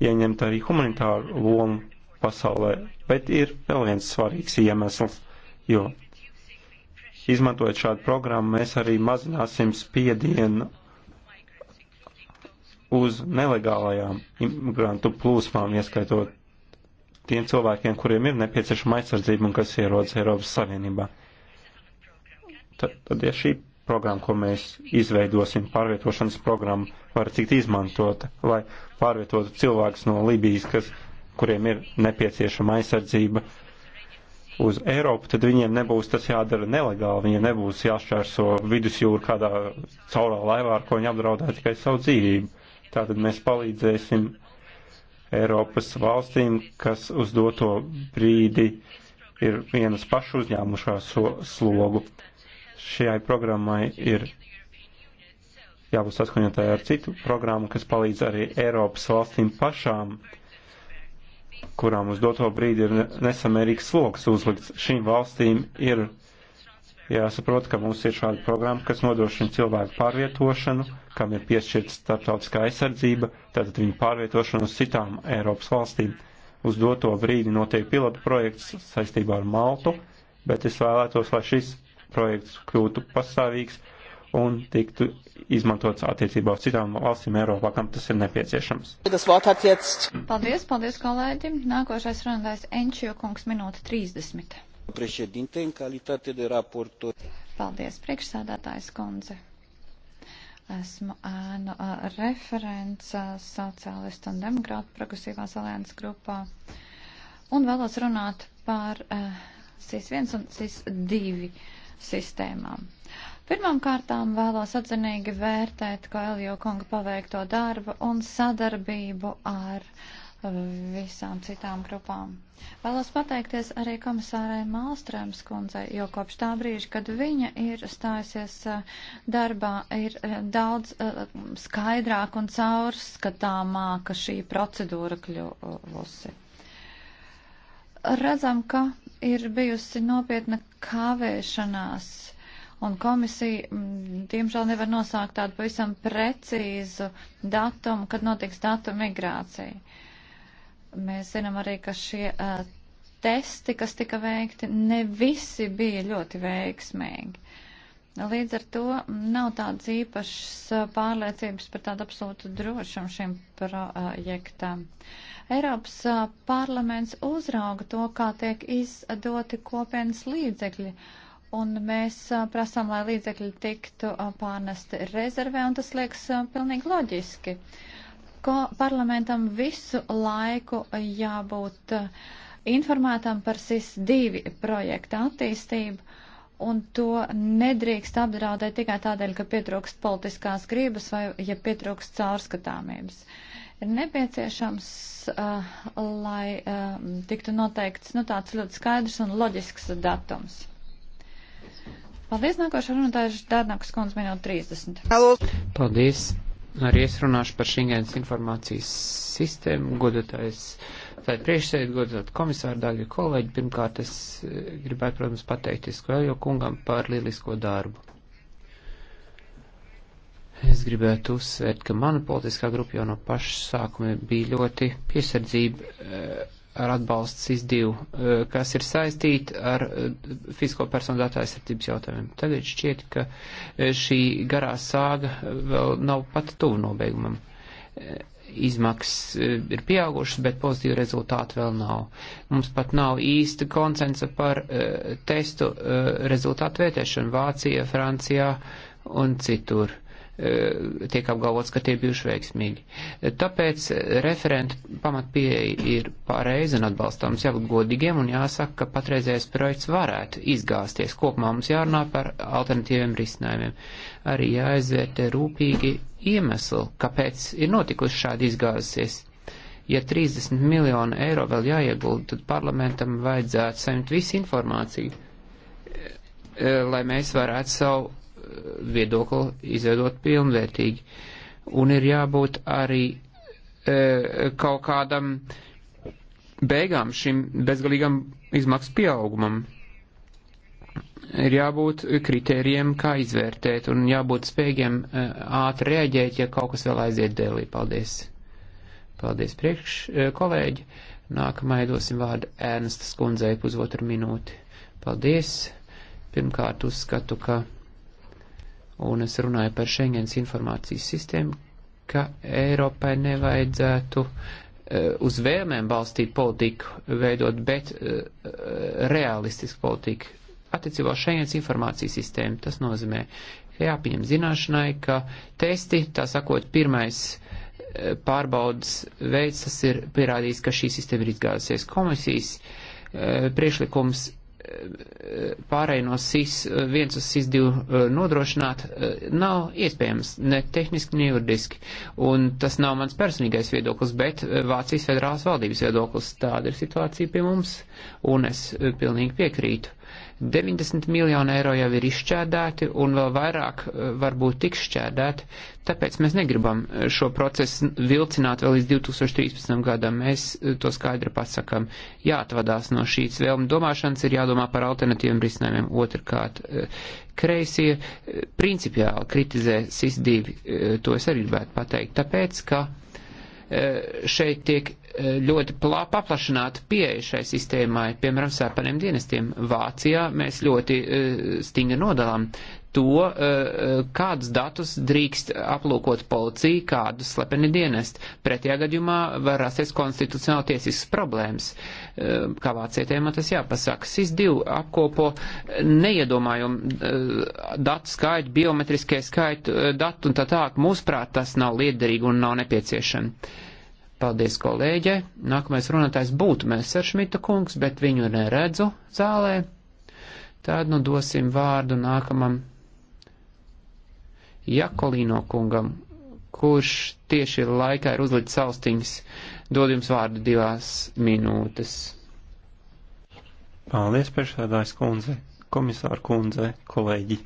ieņemt arī humanitāru lomu pasaulē. Bet ir vēl viens svarīgs iemesls, jo izmantojot šādu programmu, mēs arī mazināsim spiedienu uz nelegālajām imigrantu plūsmām, ieskaitot tiem cilvēkiem, kuriem ir nepieciešama aizsardzība un kas ierodas Eiropas Savienībā. Tad, tad ja šī programma, ko mēs izveidosim, pārvietošanas programma, var tikt izmantota, lai pārvietotu cilvēkus no Libijas, kas, kuriem ir nepieciešama aizsardzība uz Eiropu, tad viņiem nebūs tas jādara nelegāli, viņiem nebūs jāšķērso vidusjūru kādā caurā laivā, ar ko viņi apdraudē tikai savu dzīvību. Tātad mēs palīdzēsim Eiropas valstīm, kas uz doto brīdi ir vienas pašu uzņēmušās so slogu. Šajai programmai ir jābūt saskaņotāji ar citu programmu, kas palīdz arī Eiropas valstīm pašām, kurām uz doto brīdi ir nesamērīgs sloks uzlikts. Šīm valstīm ir Jāsaprot, ka mums ir šāda programma, kas nodrošina cilvēku pārvietošanu, kam ir piešķirta starptautiskā aizsardzība, tātad viņu pārvietošanu uz citām Eiropas valstīm. Uz doto brīdi notiek pilotu projekts saistībā ar Maltu, bet es vēlētos, lai šis projekts kļūtu pastāvīgs un tiktu izmantots attiecībā uz citām valstīm Eiropā, kam tas ir nepieciešams. Paldies, paldies kolēģim. Nākošais runātājs Enčio kungs minūte 30 în calitate de raportor. Paldies, priekšsādātājs kundze. Esmu ēnu referents sociālistu un demokrātu progresīvās alianses grupā un vēlos runāt par SIS 1 un SIS 2 sistēmām. Pirmām kārtām vēlos atzinīgi vērtēt Koelio kunga paveikto darbu un sadarbību ar visām citām grupām. Vēlos pateikties arī komisārai Mālstrēms kundzei, jo kopš tā brīža, kad viņa ir stājusies eh, darbā, ir eh, daudz eh, skaidrāk un caurskatāmāka šī procedūra kļuvusi. Redzam, ka ir bijusi nopietna kavēšanās, un komisija, mm, diemžēl, nevar nosākt tādu pavisam precīzu datumu, kad notiks datu migrācija. Mēs zinām arī, ka šie uh, testi, kas tika veikti, ne visi bija ļoti veiksmīgi. Līdz ar to nav tādas īpašas pārliecības par tādu absolūtu drošumu šim projektam. Eiropas parlaments uzrauga to, kā tiek izdoti kopienas līdzekļi, un mēs prasām, lai līdzekļi tiktu pārnesti rezervē, un tas liekas pilnīgi loģiski. Uh, ko parlamentam visu laiku jābūt eh, informētam par SIS-2 projekta attīstību, un to nedrīkst apdraudēt tikai tādēļ, ka pietrūkst politiskās grības vai ja pietrūkst caurskatāmības. Ir nepieciešams, uh, lai uh, tiktu noteikts nu, tāds ļoti skaidrs un loģisks datums. Paldies, nākošais runātājs Dārnākas kundze minūte 30. Paldies! Arī es runāšu par Šingēnas informācijas sistēmu, godotais tātad priekšsēdi, godot komisāru, dārgie kolēģi, pirmkārt es eh, gribētu, protams, pateikties Kvējo kungam par lielisko darbu. Es gribētu uzsvērt, ka mana politiskā grupa jau no paša sākuma bija ļoti piesardzība eh, ar atbalstu SIS-2, eh, kas ir saistīti ar eh, fizisko personu datu aizsardzības jautājumiem. Tagad šķiet, ka eh, šī garā sāga vēl nav pat tuvu nobeigumam. Izmaksas ir pieaugušas, bet pozitīvu rezultātu vēl nav. Mums pat nav īsta konsensa par testu rezultātu vērtēšanu Vācijā, Francijā un citur Eh, tiek apgalvots, ka tie bijuši veiksmīgi. Eh, tāpēc eh, referenta pamatpieeja ir pareiza un atbalstams, jābūt godīgiem un jāsaka, ka patreizējais projekts varētu izgāzties. Kopumā mums jārunā par alternatīviem risinājumiem. Arī jāizvērtē rūpīgi iemesli, kāpēc ir notikusi šādi izgāzusies. Ja 30 miljonu eiro vēl jāiegulda, tad parlamentam vajadzētu saņemt visu informāciju, lai mēs varētu savu viedokli izveidot pilnvērtīgi. Un ir jābūt arī e, kaut kādam beigām šim bezgalīgam izmaksu pieaugumam. Ir jābūt kritērijiem, kā izvērtēt, un jābūt spējīgiem e, ātri rēģēt, ja kaut kas vēl aiziet dēlī. Paldies! Paldies priekš, e, kolēģi! Nākamajai dosim vārdu Ērnsta skundzei pusotru minūti. Paldies! Pirmkārt uzskatu, ka un es runāju par Schengens informācijas sistēmu, ka Eiropai nevajadzētu e, uz vēlmēm balstīt politiku veidot, bet e, e, realistisku politiku. Attiecībā uz Schengens informācijas sistēmu tas nozīmē jāpieņem zināšanai, ka testi, tā sakot, pirmais pārbaudas veids, tas ir pierādījis, ka šī sistēma ir izgāzusies komisijas priekšlikums pārēj no SIS 1 uz SIS 2 eh, nodrošināt eh, nav iespējams ne tehniski, ne juridiski. Un tas nav mans personīgais viedoklis, bet eh, Vācijas federālās valdības viedoklis. Tāda ir situācija pie mums, un es pilnīgi piekrītu 90 miljonu eiro jau ir izšķēdēti un vēl vairāk eh, varbūt tiks šķēdēti, tāpēc mēs negribam eh, šo procesu vilcināt vēl līdz 2013. gadam. Mēs eh, to skaidri pasakam, jāatvadās no šīs vēlmu domāšanas, ir jādomā par alternatīviem risinājumiem. Otrkārt, kreisie principiāli kritizē SIS-2, to es arī gribētu pateikt, tāpēc, ka šeit tiek ļoti plā, paplašināta pieeja šai sistēmai, piemēram, sēpaniem dienestiem. Vācijā mēs ļoti eh, stingri nodalām to, eh, kādus datus drīkst aplūkot policija, kādus slepeni dienest. Pretējā gadījumā var rasties konstitucionāli tiesisks problēmas. Eh, kā vācietēm man tas jāpasaka. SIS-2 apkopo neiedomājumu datu skaitu, biometriskie skaitu datu un tā tālāk. Mūsuprāt, tas nav liederīgi un nav nepieciešams Paldies kolēģe. Nākamais runātājs būtu Messeršmita kungs, bet viņu neredzu zālē. Tad nu dosim vārdu nākamam Jakolīno kungam, kurš tieši laikā ir uzlicis austiņas. Dod jums vārdu divās minūtes. Paldies, priekšsēdājs kundze, komisāra kundze, kolēģi.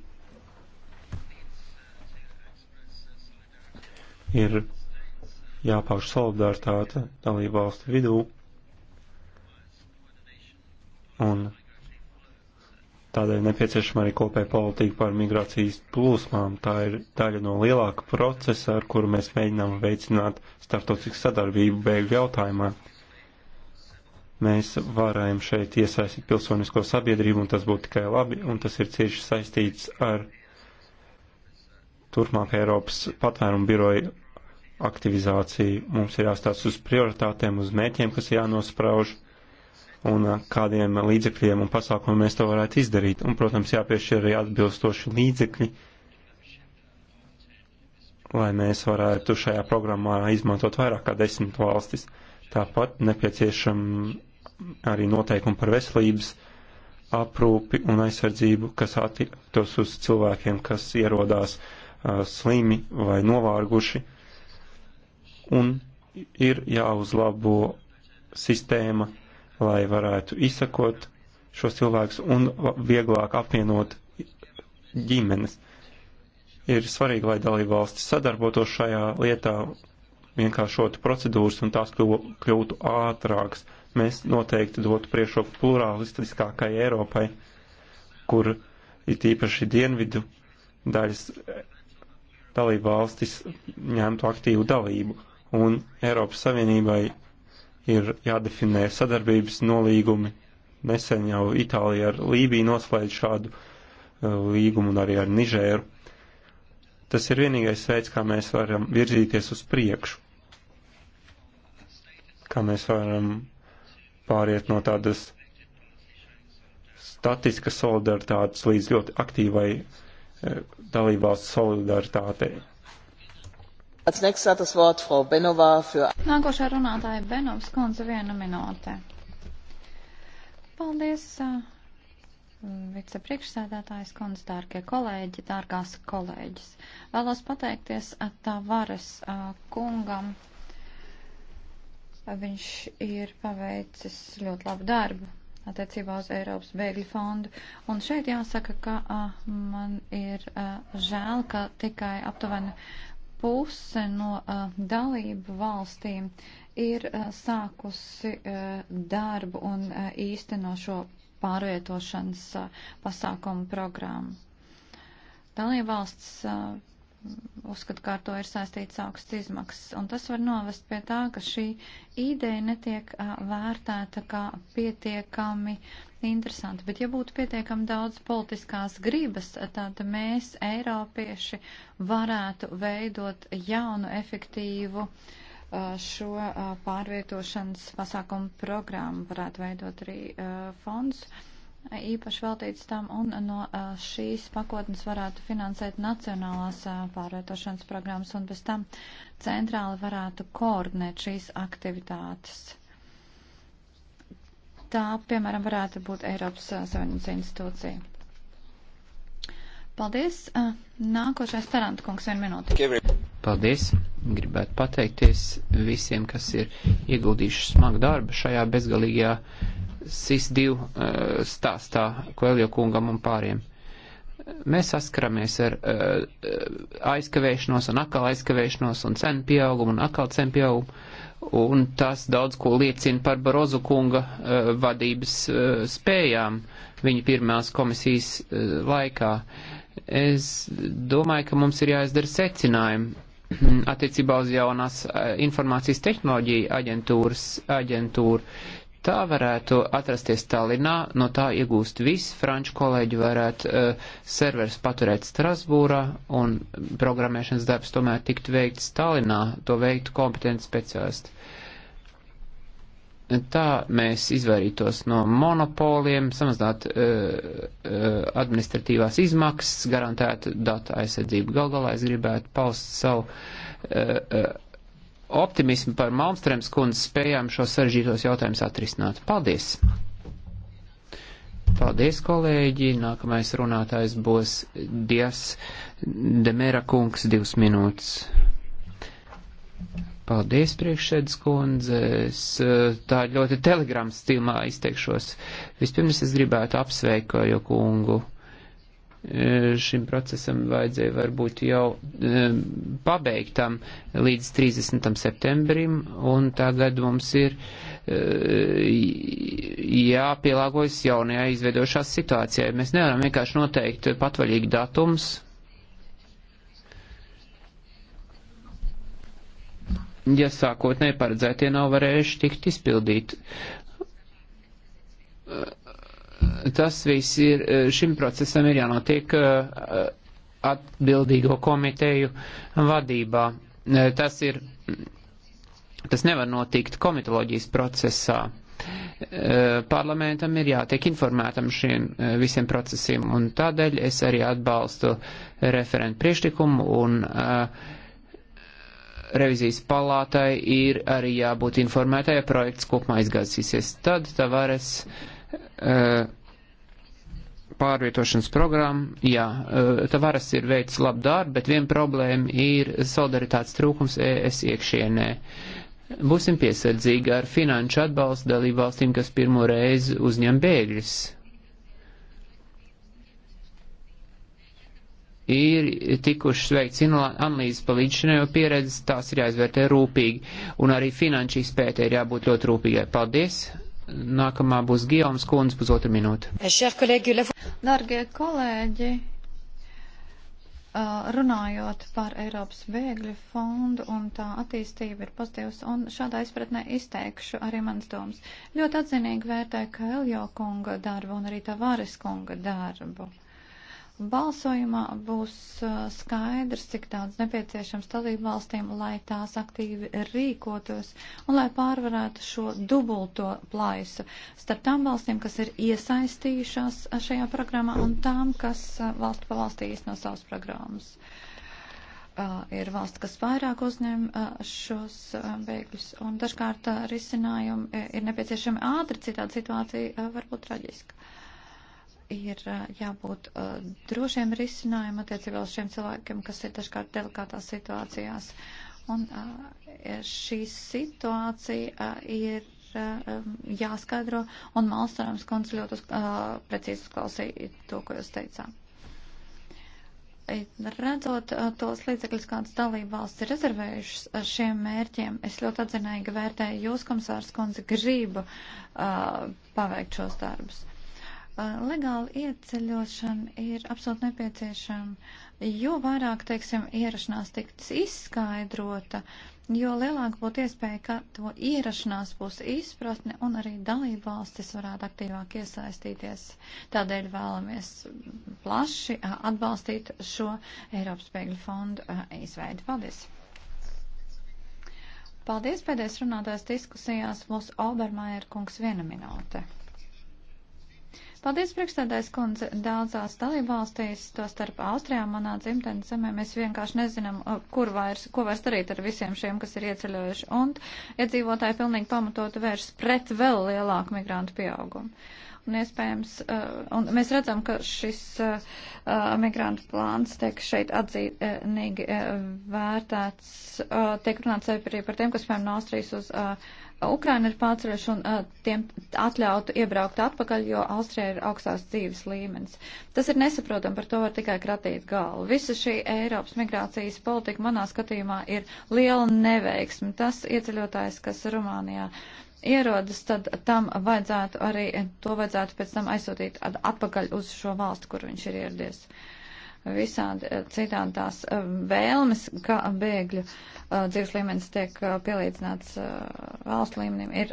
Ir jāpauž solidaritāte dalību valstu vidū un tādēļ nepieciešama arī kopēja politika par migrācijas plūsmām. Tā ir daļa no lielāka procesa, ar kuru mēs mēģinām veicināt starptautisku sadarbību bēgļu jautājumā. Mēs varējām šeit iesaistīt pilsonisko sabiedrību, un tas būtu tikai labi, un tas ir cieši saistīts ar turpmāk Eiropas patvērumu biroju aktivizāciju. Mums ir jāstāsta uz prioritātēm, uz mēķiem, kas jānosprauž un kādiem līdzekļiem un pasākumiem mēs to varētu izdarīt. Un, protams, jāpiešķir arī atbilstoši līdzekļi, lai mēs varētu šajā programmā izmantot vairāk kā desmit valstis. Tāpat nepieciešama arī noteikumi par veselības aprūpi un aizsardzību, kas attiektos uz cilvēkiem, kas ierodās uh, slimi vai novārguši. Uh, un ir jāuzlabo sistēma, lai varētu izsakot šos cilvēkus un vieglāk apvienot ģimenes. Ir svarīgi, lai dalībvalstis sadarbotos šajā lietā, vienkāršotu procedūras un tās kļūtu ātrākas. Mēs noteikti dotu priekšroku plurālistiskākai Eiropai, kur it īpaši dienvidu daļas dalībvalstis ņemtu aktīvu dalību un Eiropas Savienībai ir jādefinē sadarbības nolīgumi. Nesen jau Itālija ar Lībiju noslēdz šādu uh, līgumu un arī ar Nižēru. Tas ir vienīgais veids, kā mēs varam virzīties uz priekšu, kā mēs varam pāriet no tādas statiskas solidaritātes līdz ļoti aktīvai uh, dalībvalsts solidaritātei. Nākošā runātāja Benovs kundze viena minūte. Paldies, vicepriekšsēdētājs kundze, dārgie kolēģi, dārgās kolēģis. Vēlos pateikties tā varas kungam. Viņš ir paveicis ļoti labu darbu attiecībā uz Eiropas bēgļu fondu. Un šeit jāsaka, ka a, man ir a, žēl, ka tikai aptuveni puse no uh, dalību valstīm ir uh, sākusi uh, darbu un uh, īsteno šo pārvietošanas uh, pasākumu programmu. Dalībvalsts uh, uzskata, ka ar to ir saistīts augsts izmaksas, un tas var novest pie tā, ka šī ideja netiek uh, vērtēta kā pietiekami uh, interesanti, bet ja būtu pietiekami daudz politiskās gribas, tad mēs, Eiropieši, varētu veidot jaunu, efektīvu uh, šo uh, pārvietošanas pasākumu programmu, varētu veidot arī uh, fonds īpaši veltīts tam, un no šīs pakotnes varētu finansēt nacionālās pārvietošanas programmas, un bez tam centrāli varētu koordinēt šīs aktivitātes. Tā, piemēram, varētu būt Eiropas uh, Savienības institūcija. Paldies. Uh, nākošais Taranta kungs, vienu minūti. Paldies. Gribētu pateikties visiem, kas ir ieguldījuši smagu darbu šajā bezgalīgajā SIS-2 uh, stāstā, ko Elio kungam un pāriem. Mēs saskaramies ar uh, aizkavēšanos un atkal aizkavēšanos un cenu pieaugumu un atkal cenu pieaugumu un tas daudz ko liecina par Barozu kunga uh, vadības uh, spējām viņa pirmās komisijas uh, laikā. Es domāju, ka mums ir jāizdara secinājumi attiecībā uz jaunās informācijas tehnoloģija aģentūras aģentūru. Tā varētu atrasties Tallinā, no tā iegūst viss. Franču kolēģi varētu uh, servers paturēt Strasbūrā un programmēšanas darbs tomēr tiktu veikts Tallinā, to veiktu kompetenti speciālisti. Tā mēs izvairītos no monopoliem, samazinātu uh, eh, uh, eh, administratīvās izmaksas, garantētu datu aizsardzību. Gal galā es gribētu paust savu. Uh, uh, optimismu par Malmstrēms kundzes spējām šos sarežģītos jautājumus atrisināt. Paldies! Paldies, kolēģi! Nākamais runātājs būs Dias Demera kungs, divas minūtes. Paldies, priekšsēdus kundze. Es eh, tā ļoti telegrams stilmā izteikšos. Vispirms es gribētu apsveikt, jo kungu E, šim procesam vajadzēja varbūt jau e, pabeigtam līdz 30. septembrim, un tagad mums ir e, jāpielāgojas jaunajā izveidošās situācijai. Mēs nevaram vienkārši noteikt patvaļīgi datums. Ja sākotnēji paredzētie nav varējuši tikt izpildīti tas viss ir, eh, šim procesam ir jānotiek eh, atbildīgo komiteju vadībā. Eh, tas ir, tas nevar notikt komitoloģijas procesā. Parlamentam ir jātiek informētam šiem visiem procesiem, un tādēļ es arī atbalstu referentu priekšlikumu un uh, revizijas palātai ir arī jābūt informētai, ja projekts kopumā izgāzīsies. Tad Tavares Eh, pārvietošanas programmu. Jā, eh, Tavares ir veicis labu darbu, bet viena problēma ir solidaritātes trūkums ES iekšienē. Būsim piesardzīgi ar finanšu atbalstu dalību valstīm, kas pirmo reizi uzņem bēgļus. ir tikušas veikts analīzes pa līdzšinējo pieredzi, tās ir jāizvērtē rūpīgi, un arī finanšu izpētē ir jābūt ļoti rūpīgai. Paldies! Nākamā būs Gijoms Kundze, pusotru minūtu. Dargie kolēģi, runājot par Eiropas bēgļu fondu un tā attīstība ir pozitīvs, un šādā izpratnē izteikšu arī mans domas. Ļoti atzinīgi vērtēju Kailjo kunga darbu un arī Tavares kunga darbu. Balsojumā būs uh, skaidrs, cik daudz nepieciešams dalību valstīm, lai tās aktīvi rīkotos un lai pārvarētu šo dubulto plaisu starp tām valstīm, kas ir iesaistījušās šajā programmā un tām, kas uh, valstu pa valstī īsteno savas programmas. Uh, ir valsts, kas vairāk uzņem šos bēgļus, un dažkārt risinājumi ir nepieciešami ātri, citādi situācija var būt traģiska ir jābūt uh, drošiem risinājumiem attiecībā uz šiem cilvēkiem, kas ir dažkārt delikātās situācijās. Un uh, šī situācija uh, ir jāskaidro, un Malstarams kundze ļoti uz, precīzi uzklausīja to, ko jūs teicāt. Redzot tos līdzekļus, kādas dalība valsts ir rezervējušas šiem mērķiem, es ļoti atzinīgi vērtēju jūs, komisārs kundze, gribu uh, paveikt šos darbus. Legāla ieceļošana ir absolūti nepieciešama, jo vairāk, teiksim, ierašanās tiks izskaidrota, jo lielāka būtu iespēja, ka to ierašanās būs izpratne un arī dalība valstis varētu aktīvāk iesaistīties. Tādēļ vēlamies plaši atbalstīt šo Eiropas bēgļu fondu izveidi. Paldies! Paldies, pēdējais runātājs diskusijās būs Obermajer kungs viena minūte. Paldies, priekšstādājs kundze, daudzās dalībvalstīs, to starp Austrijā, manā dzimtenes zemē, mēs vienkārši nezinām, kur vairs, ko vairs darīt ar visiem šiem, kas ir ieceļojuši, un iedzīvotāji pilnīgi pamatot vērš pret vēl lielāku migrantu pieaugumu. Un iespējams, un mēs redzam, ka šis migrantu plāns tiek šeit atzīnīgi e, vērtēts, tiek runāts arī par tiem, kas, piemēram, no Austrijas uz. Uh, Ukraina ir pārcerējuši un uh, tiem atļautu iebraukt atpakaļ, jo Austrija ir augstās dzīves līmenis. Tas ir nesaprotam, par to var tikai kratīt galvu. Visa šī Eiropas migrācijas politika manā skatījumā ir liela neveiksme. Tas ieceļotājs, kas Rumānijā ierodas, tad tam vajadzētu arī, to vajadzētu pēc tam aizsūtīt atpakaļ uz šo valstu, kur viņš ir ieradies. Uh, visādi eh, citādi tās eh, vēlmes, kā bēgļu eh, dzīves līmenis tiek pielīdzināts valsts līmenim, ir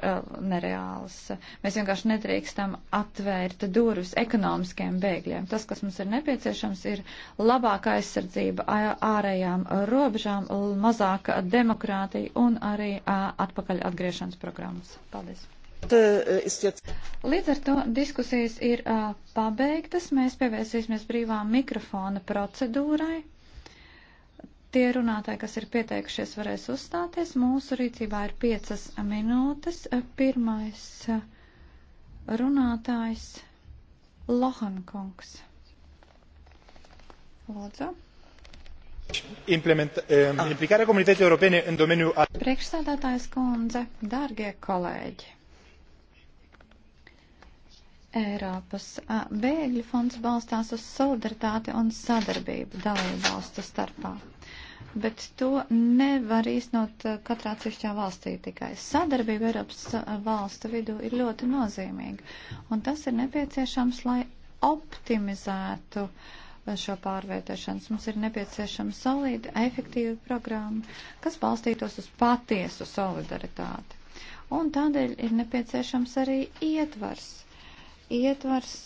nereāls. Mēs vienkārši nedrīkstam atvērt durvis ekonomiskiem bēgļiem. Tas, kas mums ir nepieciešams, ir labāka aizsardzība ārējām robežām, mazāka demokrātija un arī atpakaļ atgriešanas programmas. Paldies! E, Līdz ar to diskusijas ir uh, pabeigtas. Mēs pievērsīsimies brīvā mikrofona procedūrai. Tie runātāji, kas ir pieteikušies, varēs uzstāties. Mūsu rīcībā ir piecas minūtes. Pirmais runātājs Lohankungs. Lūdzu. Implementa, um, implicarea comunității europene în domeniul... Priekšsēdētājs kundze, dārgie kolēģi. Eiropas bēgļu fonds balstās uz solidaritāti un sadarbību dalību valstu starpā. Bet to nevar īstenot katrā cišķā valstī tikai. Sadarbība Eiropas valstu vidū ir ļoti nozīmīga, un tas ir nepieciešams, lai optimizētu šo pārvērtēšanas. Mums ir nepieciešama solīda, efektīva programma, kas balstītos uz patiesu solidaritāti. Un tādēļ ir nepieciešams arī ietvars ietvars,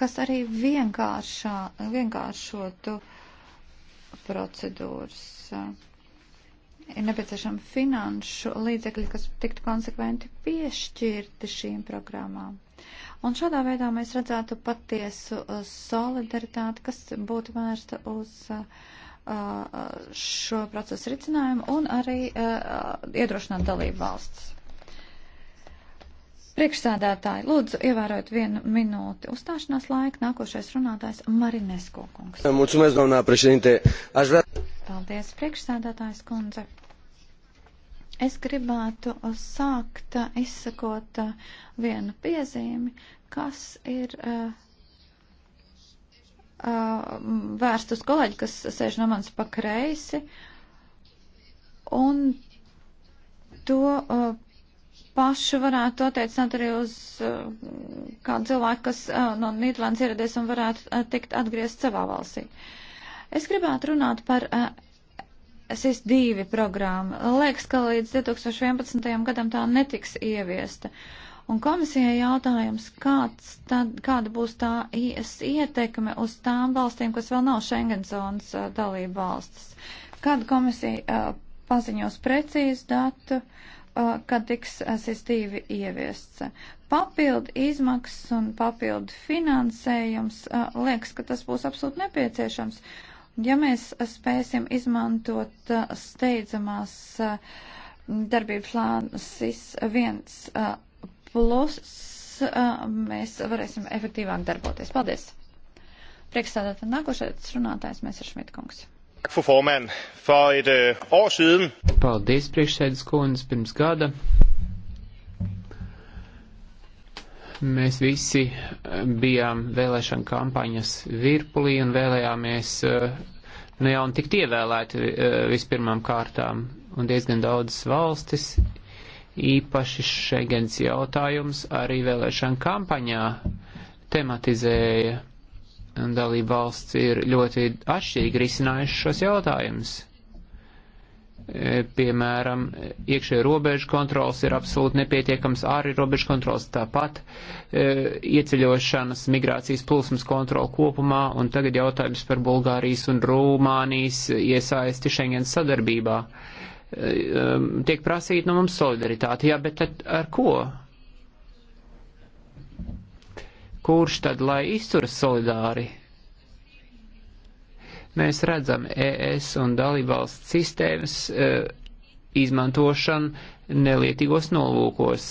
kas arī vienkāršā, vienkāršotu procedūras. Ir nepieciešama finanšu līdzekļi, kas tiktu konsekventi piešķirti šīm programmām. Un šādā veidā mēs redzētu patiesu solidaritāti, kas būtu vērsta uz uh, šo procesu risinājumu un arī uh, iedrošināt dalību valsts. Priekšsēdētāji, lūdzu, ievērojot vienu minūti uzstāšanās laiku. Nākošais runātājs Marinesko kungs. Mulțumesc, doamna președinte. Aș vrea... Paldies, priekšsēdētājs kundze. Es gribētu sākt eh, izsakot eh, vienu piezīmi, kas ir uh, uh, vērst uz kolēģi, kas sēž no manis pa kreisi, un to uh, pašu varētu attiecināt arī uz uh, kādu cilvēku, kas uh, no Nīderlandes ieradies un varētu uh, tikt atgriezt savā valstī. Es gribētu runāt par uh, SIS-2 programmu. Liekas, ka līdz 2011. gadam tā netiks ieviesta. Un komisijai jautājums, kāds tad, kāda būs tā ietekme uz tām valstīm, kas vēl nav Schengenzonas uh, dalība valstis. Kad komisija uh, paziņos precīzu datu, uh, Uh, kad tiks uh, sistīvi ieviests. Papildu izmaksas un papildu finansējums uh, liekas, ka tas būs absolūti nepieciešams. Ja mēs spēsim izmantot steidzamās darbības plānas SIS 1 plus, mēs varēsim efektīvāk darboties. Paldies! Priekšstādāt nākošais runātājs mēs ir Šmitkungs. Fru formand, for et øh, år siden. Paldies, priekšsēdus kundze, pirms gada. Mēs visi eh, bijām vēlēšana kampaņas virpulī un vēlējāmies eh, nu jau un tikt ievēlēti eh, vispirmām kārtām. Un diezgan daudzas valstis, īpaši Šegens jautājums, arī vēlēšana kampaņā tematizēja dalība valsts ir ļoti atšķirīgi risinājuši šos jautājumus. E, piemēram, iekšēja robežu kontrols ir absolūti nepietiekams, ārī robežu kontrols tāpat, e, ieceļošanas, migrācijas plūsmas kontrola kopumā, un tagad jautājums par Bulgārijas un Rumānijas iesaisti Schengen sadarbībā. E, tiek prasīt no mums solidaritāti, jā, bet ar ko? kurš tad lai izturas solidāri? Mēs redzam ES un dalībvalsts sistēmas uh, izmantošanu nelietīgos nolūkos.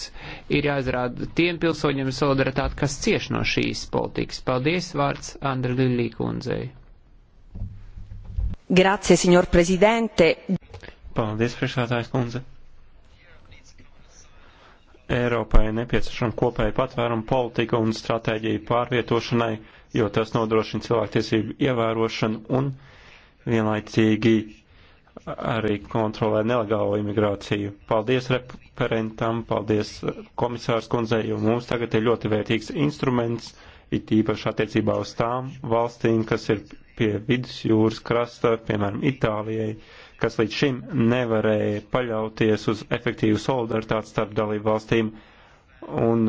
Ir jāizrāda tiem pilsoņiem solidaritāti, kas cieš no šīs politikas. Paldies, vārds Andra Lillī kundzei. Grazie, signor Presidente. Paldies, priekšsādājas kundze. Eiropai nepieciešama kopēja patvēruma politika un stratēģija pārvietošanai, jo tas nodrošina cilvēktiesību ievērošanu un vienlaicīgi arī kontrolē nelegālo imigrāciju. Paldies referentam, paldies komisārs kundzei, jo mums tagad ir ļoti vērtīgs instruments, it īpaši attiecībā uz tām valstīm, kas ir pie vidusjūras krasta, piemēram, Itālijai, kas līdz šim nevarēja paļauties uz efektīvu solidaritāti starp dalību valstīm un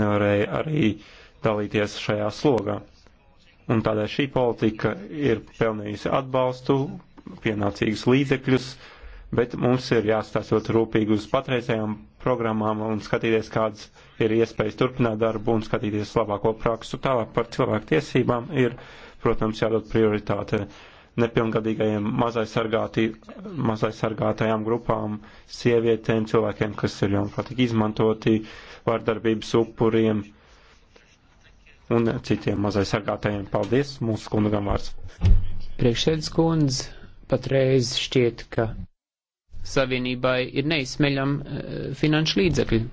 nevarēja arī dalīties šajā slogā. Un tādēļ šī politika ir pelnījusi atbalstu, pienācīgus līdzekļus, bet mums ir jāstāstot rūpīgi uz patreizējām programmām un skatīties, kādas ir iespējas turpināt darbu un skatīties labāko praksu. Tālāk par cilvēku tiesībām ir, protams, jādod prioritāte uh, nepilngadīgajiem, mazaisargātajām grupām, sievietēm, cilvēkiem, kas ir ļaunprātīgi izmantoti, vardarbības upuriem un citiem mazaisargātajiem. Paldies, mūsu kundam vārds. Priekšsēdus kundze patreiz šķiet, ka savienībai ir neizsmeļam eh, finanšu līdzekļi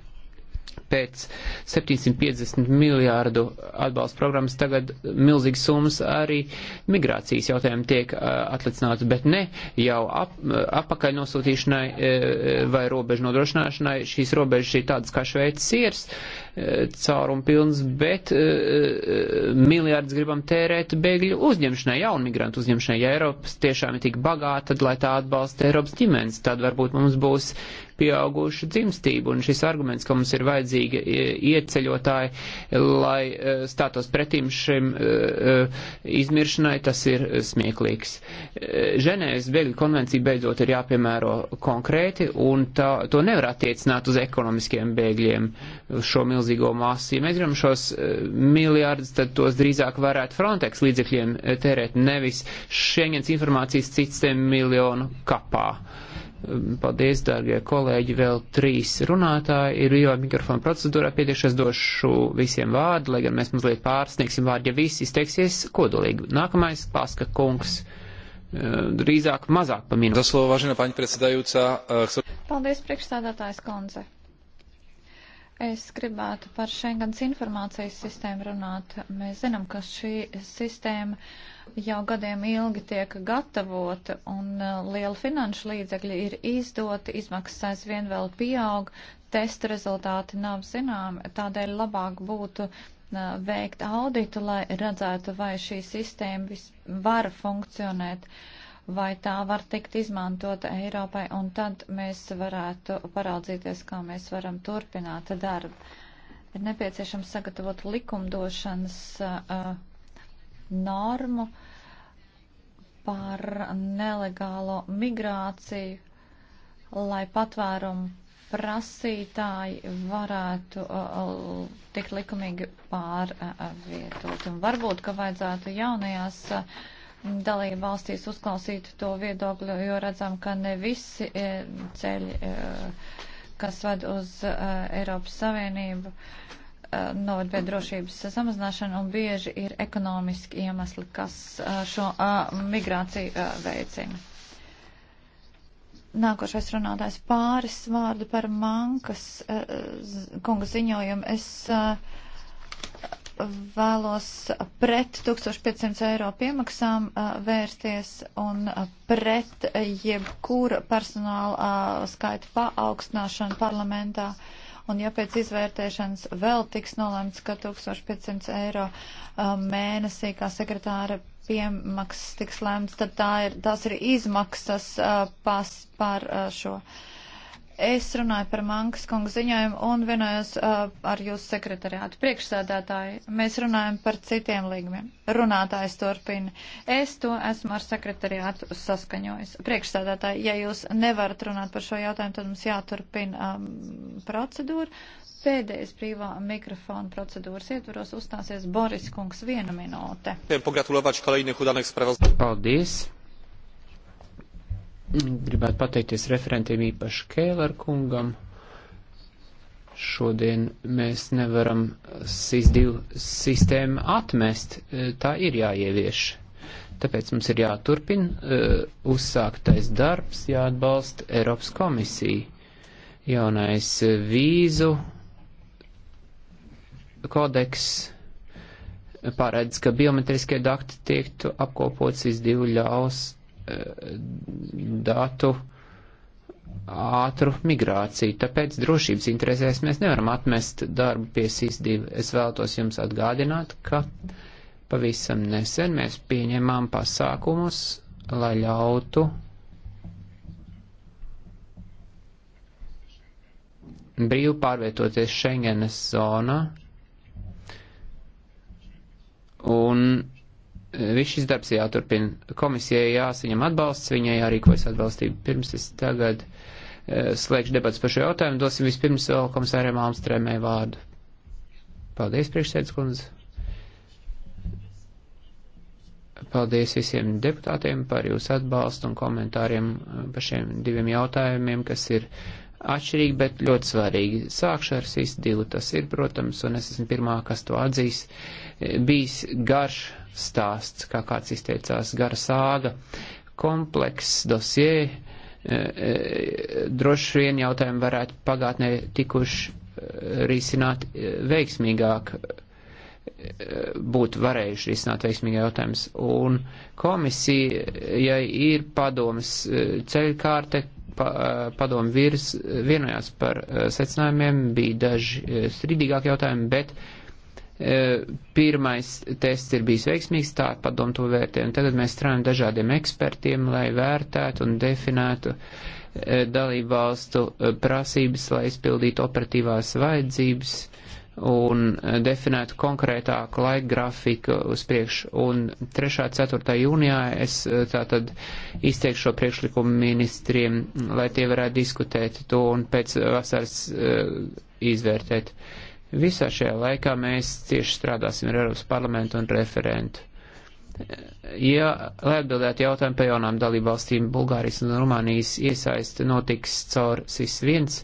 pēc 750 miljārdu atbalsta programmas tagad milzīgas summas arī migrācijas jautājumiem tiek uh, atlicinātas, bet ne jau ap, apakaļ nosūtīšanai uh, vai robežu nodrošināšanai. Šīs robežas ir tādas kā šveicis siers, uh, caurumu pilns, bet uh, miljārdus gribam tērēt bēgļu uzņemšanai, jaunu migrantu uzņemšanai. Ja Eiropas tiešām ir tik bagāta, tad lai tā atbalsta Eiropas ģimenes, tad varbūt mums būs pieaugušu dzimstību, un šis arguments, ka mums ir vajadzīgi e, ieceļotāji, lai e, stātos pretim šim e, izmiršanai, tas ir smieklīgs. Ženēvas bēgļu konvencija beidzot ir jāpiemēro konkrēti, un tā, to nevar attiecināt uz ekonomiskiem bēgļiem, uz šo milzīgo masu. Ja mēs gribam šos miljārdus, tad tos drīzāk varētu Frontex līdzekļiem tērēt, nevis Schengens informācijas cits tiem miljonu kapā. Uh, Paldies, dārgie kolēģi, vēl trīs runātāji ir brīvā mikrofona procedūrā pietiekšies došu visiem vārdu, lai gan mēs mazliet pārsniegsim vārdu, ja visi izteiksies kodolīgi. Nākamais, Paska kungs, eh, drīzāk mazāk pa minūti. Eh, Paldies, priekšstādātājs Konze. Es gribētu par Schengens informācijas sistēmu runāt. Mēs zinām, ka šī sistēma jau gadiem ilgi tiek gatavota un e, liela finanšu līdzekļi ir izdoti, izmaksas aizvien vēl pieaug, testa rezultāti nav zināmi, tādēļ labāk būtu e, veikt auditu, lai redzētu, vai šī sistēma var funkcionēt. Uh, vai tā var tikt izmantota Eiropai, un tad mēs varētu paraudzīties, kā mēs varam turpināt darbu. Ir nepieciešams sagatavot likumdošanas uh, normu par nelegālo migrāciju, lai patvērumu prasītāji varētu uh, tik likumīgi pārvietoti. Uh, un varbūt, ka vajadzētu jaunajās uh, dalību valstīs uzklausītu to viedokļu, jo redzam, ka ne visi e, ceļi, e, kas ved uz e, Eiropas Savienību, novad pie drošības samazināšana un bieži ir ekonomiski iemesli, kas šo migrāciju veicina. Nākošais runātājs pāris vārdu par mankas kunga ziņojumu. Es vēlos pret 1500 eiro piemaksām vērsties un pret jebkura personāla skaita paaugstināšanu parlamentā. Un ja pēc izvērtēšanas vēl tiks nolēmts, ka 1500 eiro mēnesī kā sekretāra piemaksas tiks lēmts, tad tā ir, tās ir izmaksas pas, par šo. Uh, Es runāju par Mankas kungu ziņojumu un vienojos uh, ar jūsu sekretariātu priekšsēdētāju. Mēs runājam par citiem līgumiem. Runātājs turpina. Es to esmu ar sekretariātu saskaņojis. Priekšsēdētāji, ja jūs nevarat runāt par šo jautājumu, tad mums jāturpina um, procedūra. Pēdējais brīvā mikrofona procedūras ietvaros uzstāsies Boris kungs viena minūte. Paldies! Gribētu pateikties referentiem īpaši Kēlar kungam. Šodien mēs nevaram SIS-2 sistēmu atmest, e, tā ir jāievieš. Tāpēc mums ir jāturpina e, uzsāktais darbs, jāatbalsta Eiropas komisija. Jaunais vīzu kodeks paredz, ka biometriskie dakti tiektu apkopots SIS-2 ļaus datu ātru migrāciju. Tāpēc drošības interesēs mēs nevaram atmest darbu pie SIS-2. Es vēlētos jums atgādināt, ka pavisam nesen mēs pieņemām pasākumus, lai ļautu brīvi pārvietoties Schengenes zonā un viss šis darbs jāturpina. Komisijai jāsaņem atbalsts, viņai jārīkojas atbalstība. Pirms es tagad uh, slēgšu debats par šo jautājumu, dosim vispirms vēl komisāriem Almstrēmē vārdu. Paldies, priekšsēdus kundze. Paldies visiem deputātiem par jūsu atbalstu un komentāriem e, par šiem diviem jautājumiem, kas ir atšķirīgi, bet ļoti svarīgi. Sākšu ar SIS-2, tas ir, protams, un es esmu pirmā, kas to atzīs. E, bijis garš stāsts, kā kāds izteicās, gara sāga, komplekss dosie, e, e, droši vien jautājumi varētu pagātnē tikuši e, risināt veiksmīgāk, būtu varējuši risināt veiksmīgi jautājumus. Un komisija ir padomas ceļkārte, padomu virs vienojās par secinājumiem, bija daži strīdīgāki jautājumi, bet E, pirmais tests ir bijis veiksmīgs, tā padomu to vērtē, un tagad mēs strādājam dažādiem ekspertiem, lai vērtētu un definētu e, dalību valstu e, prasības, lai izpildītu operatīvās vajadzības un definētu konkrētāku laika grafiku uz priekšu. Un 3. 4. jūnijā es tātad izteikšu šo priekšlikumu ministriem, lai tie varētu diskutēt to un pēc vasaras uh, izvērtēt. Uh, Visā šajā laikā mēs cieši strādāsim ar Eiropas parlamentu un referentu. Ja, lai atbildētu jautājumu par jaunām dalību valstīm, Bulgārijas un Rumānijas iesaisti notiks caur SIS 1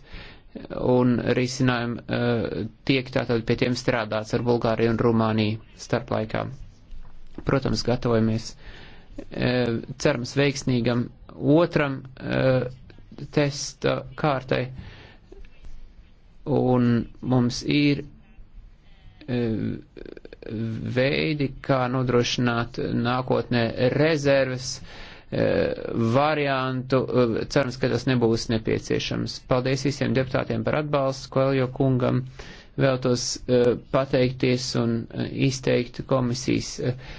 un risinājumi uh, tiek tātad pie tiem strādāts ar Bulgāriju un Rumāniju starplaikā. Protams, gatavojamies uh, cerams veiksmīgam otram uh, testa kārtai. Uh, un mums ir e, veidi, kā nodrošināt nākotnē rezerves e, variantu. E, cerams, ka tas nebūs nepieciešams. Paldies visiem deputātiem par atbalstu, Koeljo kungam vēlētos uh, pateikties un uh, izteikt komisijas uh,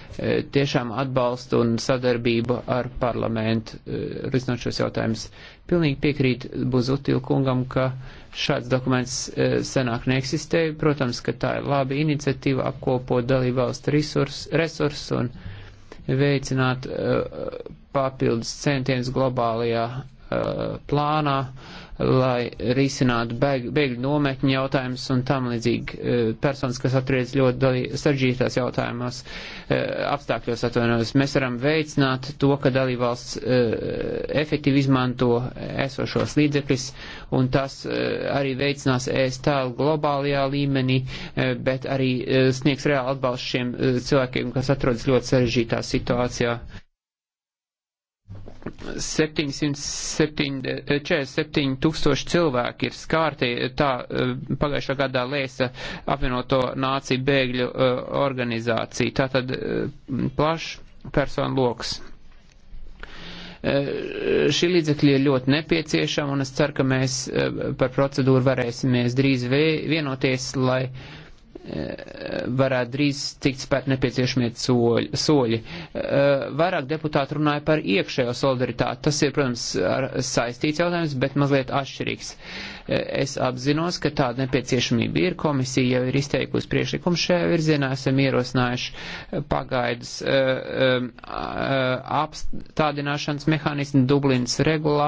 tiešām atbalstu un sadarbību ar parlamentu uh, risinot šos jautājumus. Pilnīgi piekrīt Buzutilu kungam, ka šāds dokuments uh, senāk neeksistēja. Protams, ka tā ir laba iniciatīva apkopot dalībvalstu resursus un veicināt uh, papildus centienus globālajā uh, plānā. Uh, lai risinātu bēgļu nometņu jautājumus un tam līdzīgi e, personas, kas atrodas ļoti saržģītās jautājumos, e, apstākļos atvainojas. Mēs varam veicināt to, ka dalībvalsts e, efektīvi izmanto esošos līdzekļus un tas arī veicinās ēstālu globālajā līmenī, bet arī sniegs reāli atbalstu šiem cilvēkiem, kas atrodas ļoti sarežģītā situācijā. 747 eh, tūkstoši cilvēki ir skārti, tā eh, pagājušā gadā lēsa apvienoto nāciju bēgļu eh, organizāciju. Tātad plašs personu loks. Šī līdzekļa ir ļoti nepieciešama, un es ceru, ka mēs par procedūru varēsimies drīz vienoties, lai uh, Eh, varētu drīz tikt spērt nepieciešamie soļi. soļi. Eh, vairāk deputāti runāja par iekšējo solidaritāti. Tas ir, protams, saistīts jautājums, bet mazliet atšķirīgs. Uh, Es apzinos, ka tāda nepieciešamība ir. Komisija jau ir izteikusi priekšlikumu šajā virzienā. Esam ierosinājuši pagaidas eh, eh, eh, apstādināšanas mehānismu Dublinas regulā.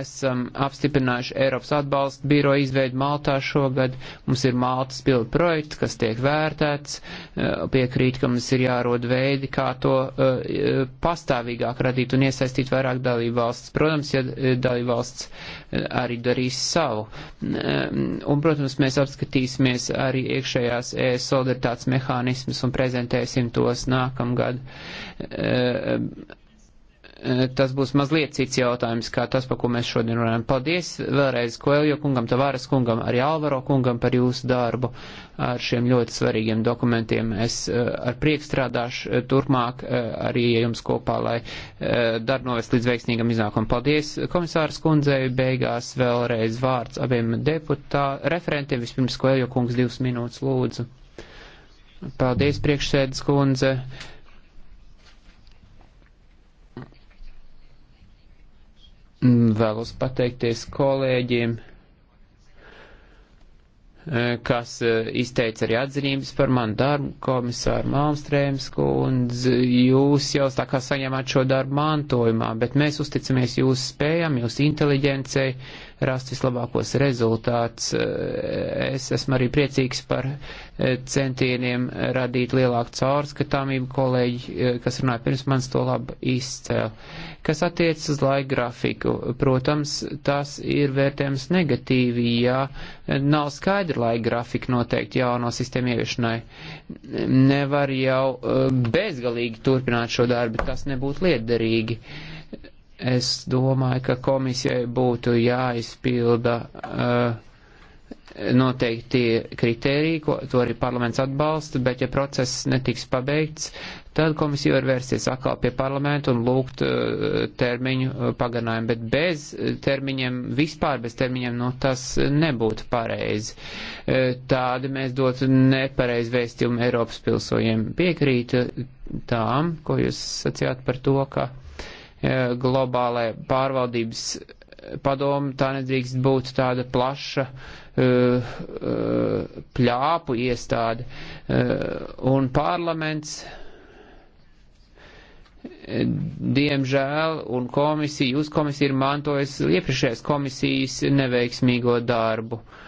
Esam apstiprinājuši Eiropas atbalstu biro izveidu Maltā šogad. Mums ir Maltas pildu projekts, kas tiek vērtēts. Piekrīt, ka mums ir jārod veidi, kā to pastāvīgāk radīt un iesaistīt vairāk dalību valsts. Protams, ja dalību valsts arī darīs savu. Ehm, un, protams, mēs apskatīsimies arī iekšējās e solidaritātes mehānismus un prezentēsim tos nākamgad. Ehm, E, tas būs mazliet cits jautājums, kā tas, par ko mēs šodien runājam. Paldies vēlreiz Koeljo kungam, Tavāras kungam, arī Alvaro kungam par jūsu darbu ar šiem ļoti svarīgiem dokumentiem. Es e, ar prieku strādāšu e, turpmāk arī jums kopā, lai darbu novest līdz veiksmīgam iznākumam. Paldies komisāras kundzei, beigās vēlreiz vārds abiem deputā referentiem. Vispirms Koeljo kungs divas minūtes lūdzu. Paldies priekšsēdes kundze Mm, vēlos pateikties kolēģiem, e, kas e, izteica arī atzinības par manu darbu, komisāru Malmstrēms kundz, jūs jau tā kā saņemāt šo darbu mantojumā, bet mēs uzticamies jūsu spējām, jūsu inteliģencei, uh, rast vislabākos rezultāts. Eh, es esmu arī priecīgs par eh, centieniem radīt lielāku caurskatāmību. Kolēģi, eh, kas runāja pirms manis, to labi izcēla. Kas attiec uz laika grafiku, protams, tas ir vērtējums negatīvi, ja nav skaidra laika grafika noteikti jauno sistēmu ieviešanai. Nevar jau bezgalīgi turpināt šo darbu, tas nebūtu liederīgi. Uh, Es domāju, ka komisijai būtu jāizpilda uh, noteikti kriteriji, ko, to arī parlaments atbalsta, bet ja process netiks pabeigts, tad komisija var vērsties atkal pie parlamentu un lūgt uh, termiņu uh, pagarinājumu, bet bez termiņiem, vispār bez termiņiem, nu tas nebūtu pareizi. Uh, tādi mēs dotu nepareizi vēstījumu Eiropas pilsoņiem. Piekrītu tām, ko jūs sacījāt par to, ka. Uh, globālai pārvaldības padomu, tā nedrīkst būt tāda plaša uh, uh, pļāpu iestāde. Uh, un parlaments, diemžēl, un komisija, jūs komisija ir mantojis iepriekšējās komisijas neveiksmīgo darbu. Uh,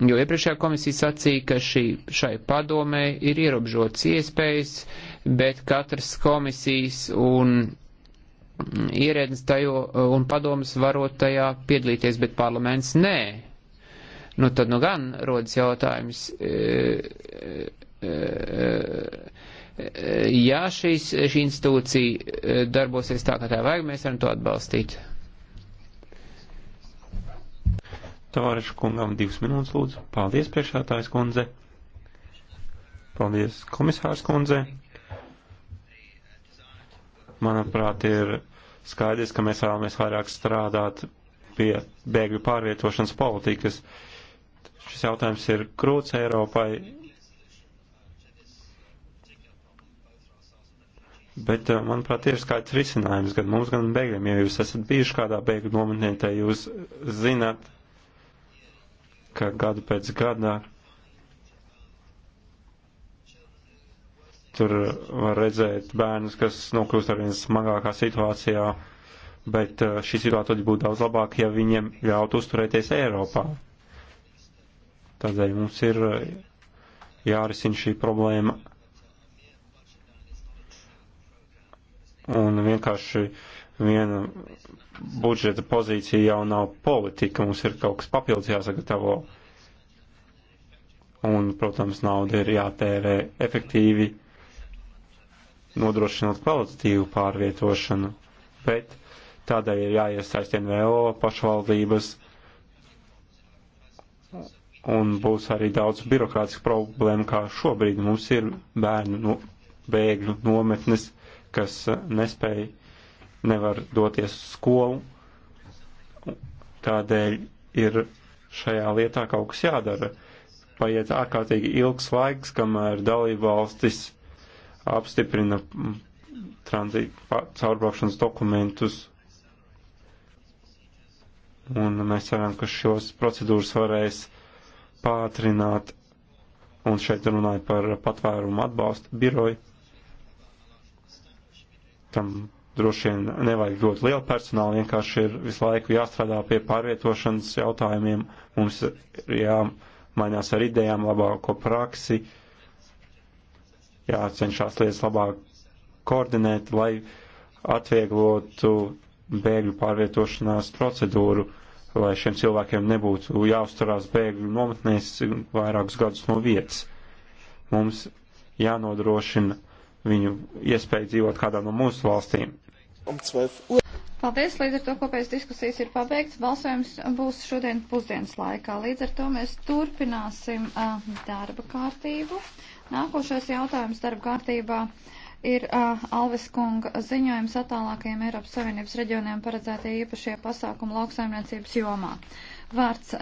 Jo iepriekšējā komisija sacīja, ka šī, šai padomē ir ierobežotas iespējas, bet katras komisijas un ierēdnes tajo un padomas varot tajā piedalīties, bet parlaments nē. Nu tad nu gan rodas jautājums. E, e, e, ja šīs, šī institūcija e, darbosies tā, kā tā vajag, mēs varam to atbalstīt. Tavarešu kungam divas minūtes lūdzu. Paldies, priekšētājs kundze. Paldies, komisārs kundze. Manuprāt, ir skaidrs, ka mēs vēlamies vairāk strādāt pie bēgļu pārvietošanas politikas. Šis jautājums ir krūts Eiropai, Bet, eh, manuprāt, ir skaidrs risinājums gan mums, gan bēgļiem. Ja jūs esat bijuši kādā bēgļu nometnē, tad jūs zināt, ka gadu pēc gadā tur var redzēt bērnus, kas nokļūst ar vien smagākā situācijā, bet eh, šī situācija būtu daudz labāka, ja viņiem ļautu uzturēties Eiropā. Tādēļ mums ir eh, jārisina šī problēma. Un vienkārši uh, viena budžeta pozīcija jau nav politika, mums ir kaut kas papildus jāsagatavo. Un, protams, nauda ir jātērē efektīvi, nodrošinot kvalitatīvu pārvietošanu, bet tādēļ ir jāiesaist NVO pašvaldības un būs arī daudz birokrātisku problēmu, kā šobrīd mums ir bērnu no, bēgļu nometnes, kas nespēja nevar doties uz skolu. Tādēļ ir šajā lietā kaut kas jādara. Paiet ārkārtīgi ilgs laiks, kamēr dalībvalstis apstiprina tranzīta caurbraukšanas dokumentus. Un mēs ceram, ka šos procedūras varēs pātrināt. Un šeit runāju par patvērumu atbalstu biroju. Tam droši vien nevajag ļoti lielu personālu, vienkārši ir visu laiku jāstrādā pie pārvietošanas jautājumiem, mums ir jāmainās ar idejām, labāko praksi, jācenšas lietas labāk koordinēt, lai atvieglotu bēgļu pārvietošanās procedūru, lai šiem cilvēkiem nebūtu jāuzturās bēgļu nometnēs vairākus gadus no vietas. Mums jānodrošina viņu iespēju dzīvot kādā no mūsu valstīm. Paldies, līdz ar to kopējas diskusijas ir pabeigts. Balsojums būs šodien pusdienas laikā. Līdz ar to mēs turpināsim uh, darba kārtību. Nākošais jautājums darba kārtībā ir uh, Alves kunga ziņojums attālākajiem Eiropas Savienības reģioniem paredzētie īpašie pasākumi lauksaimniecības jomā. Vārds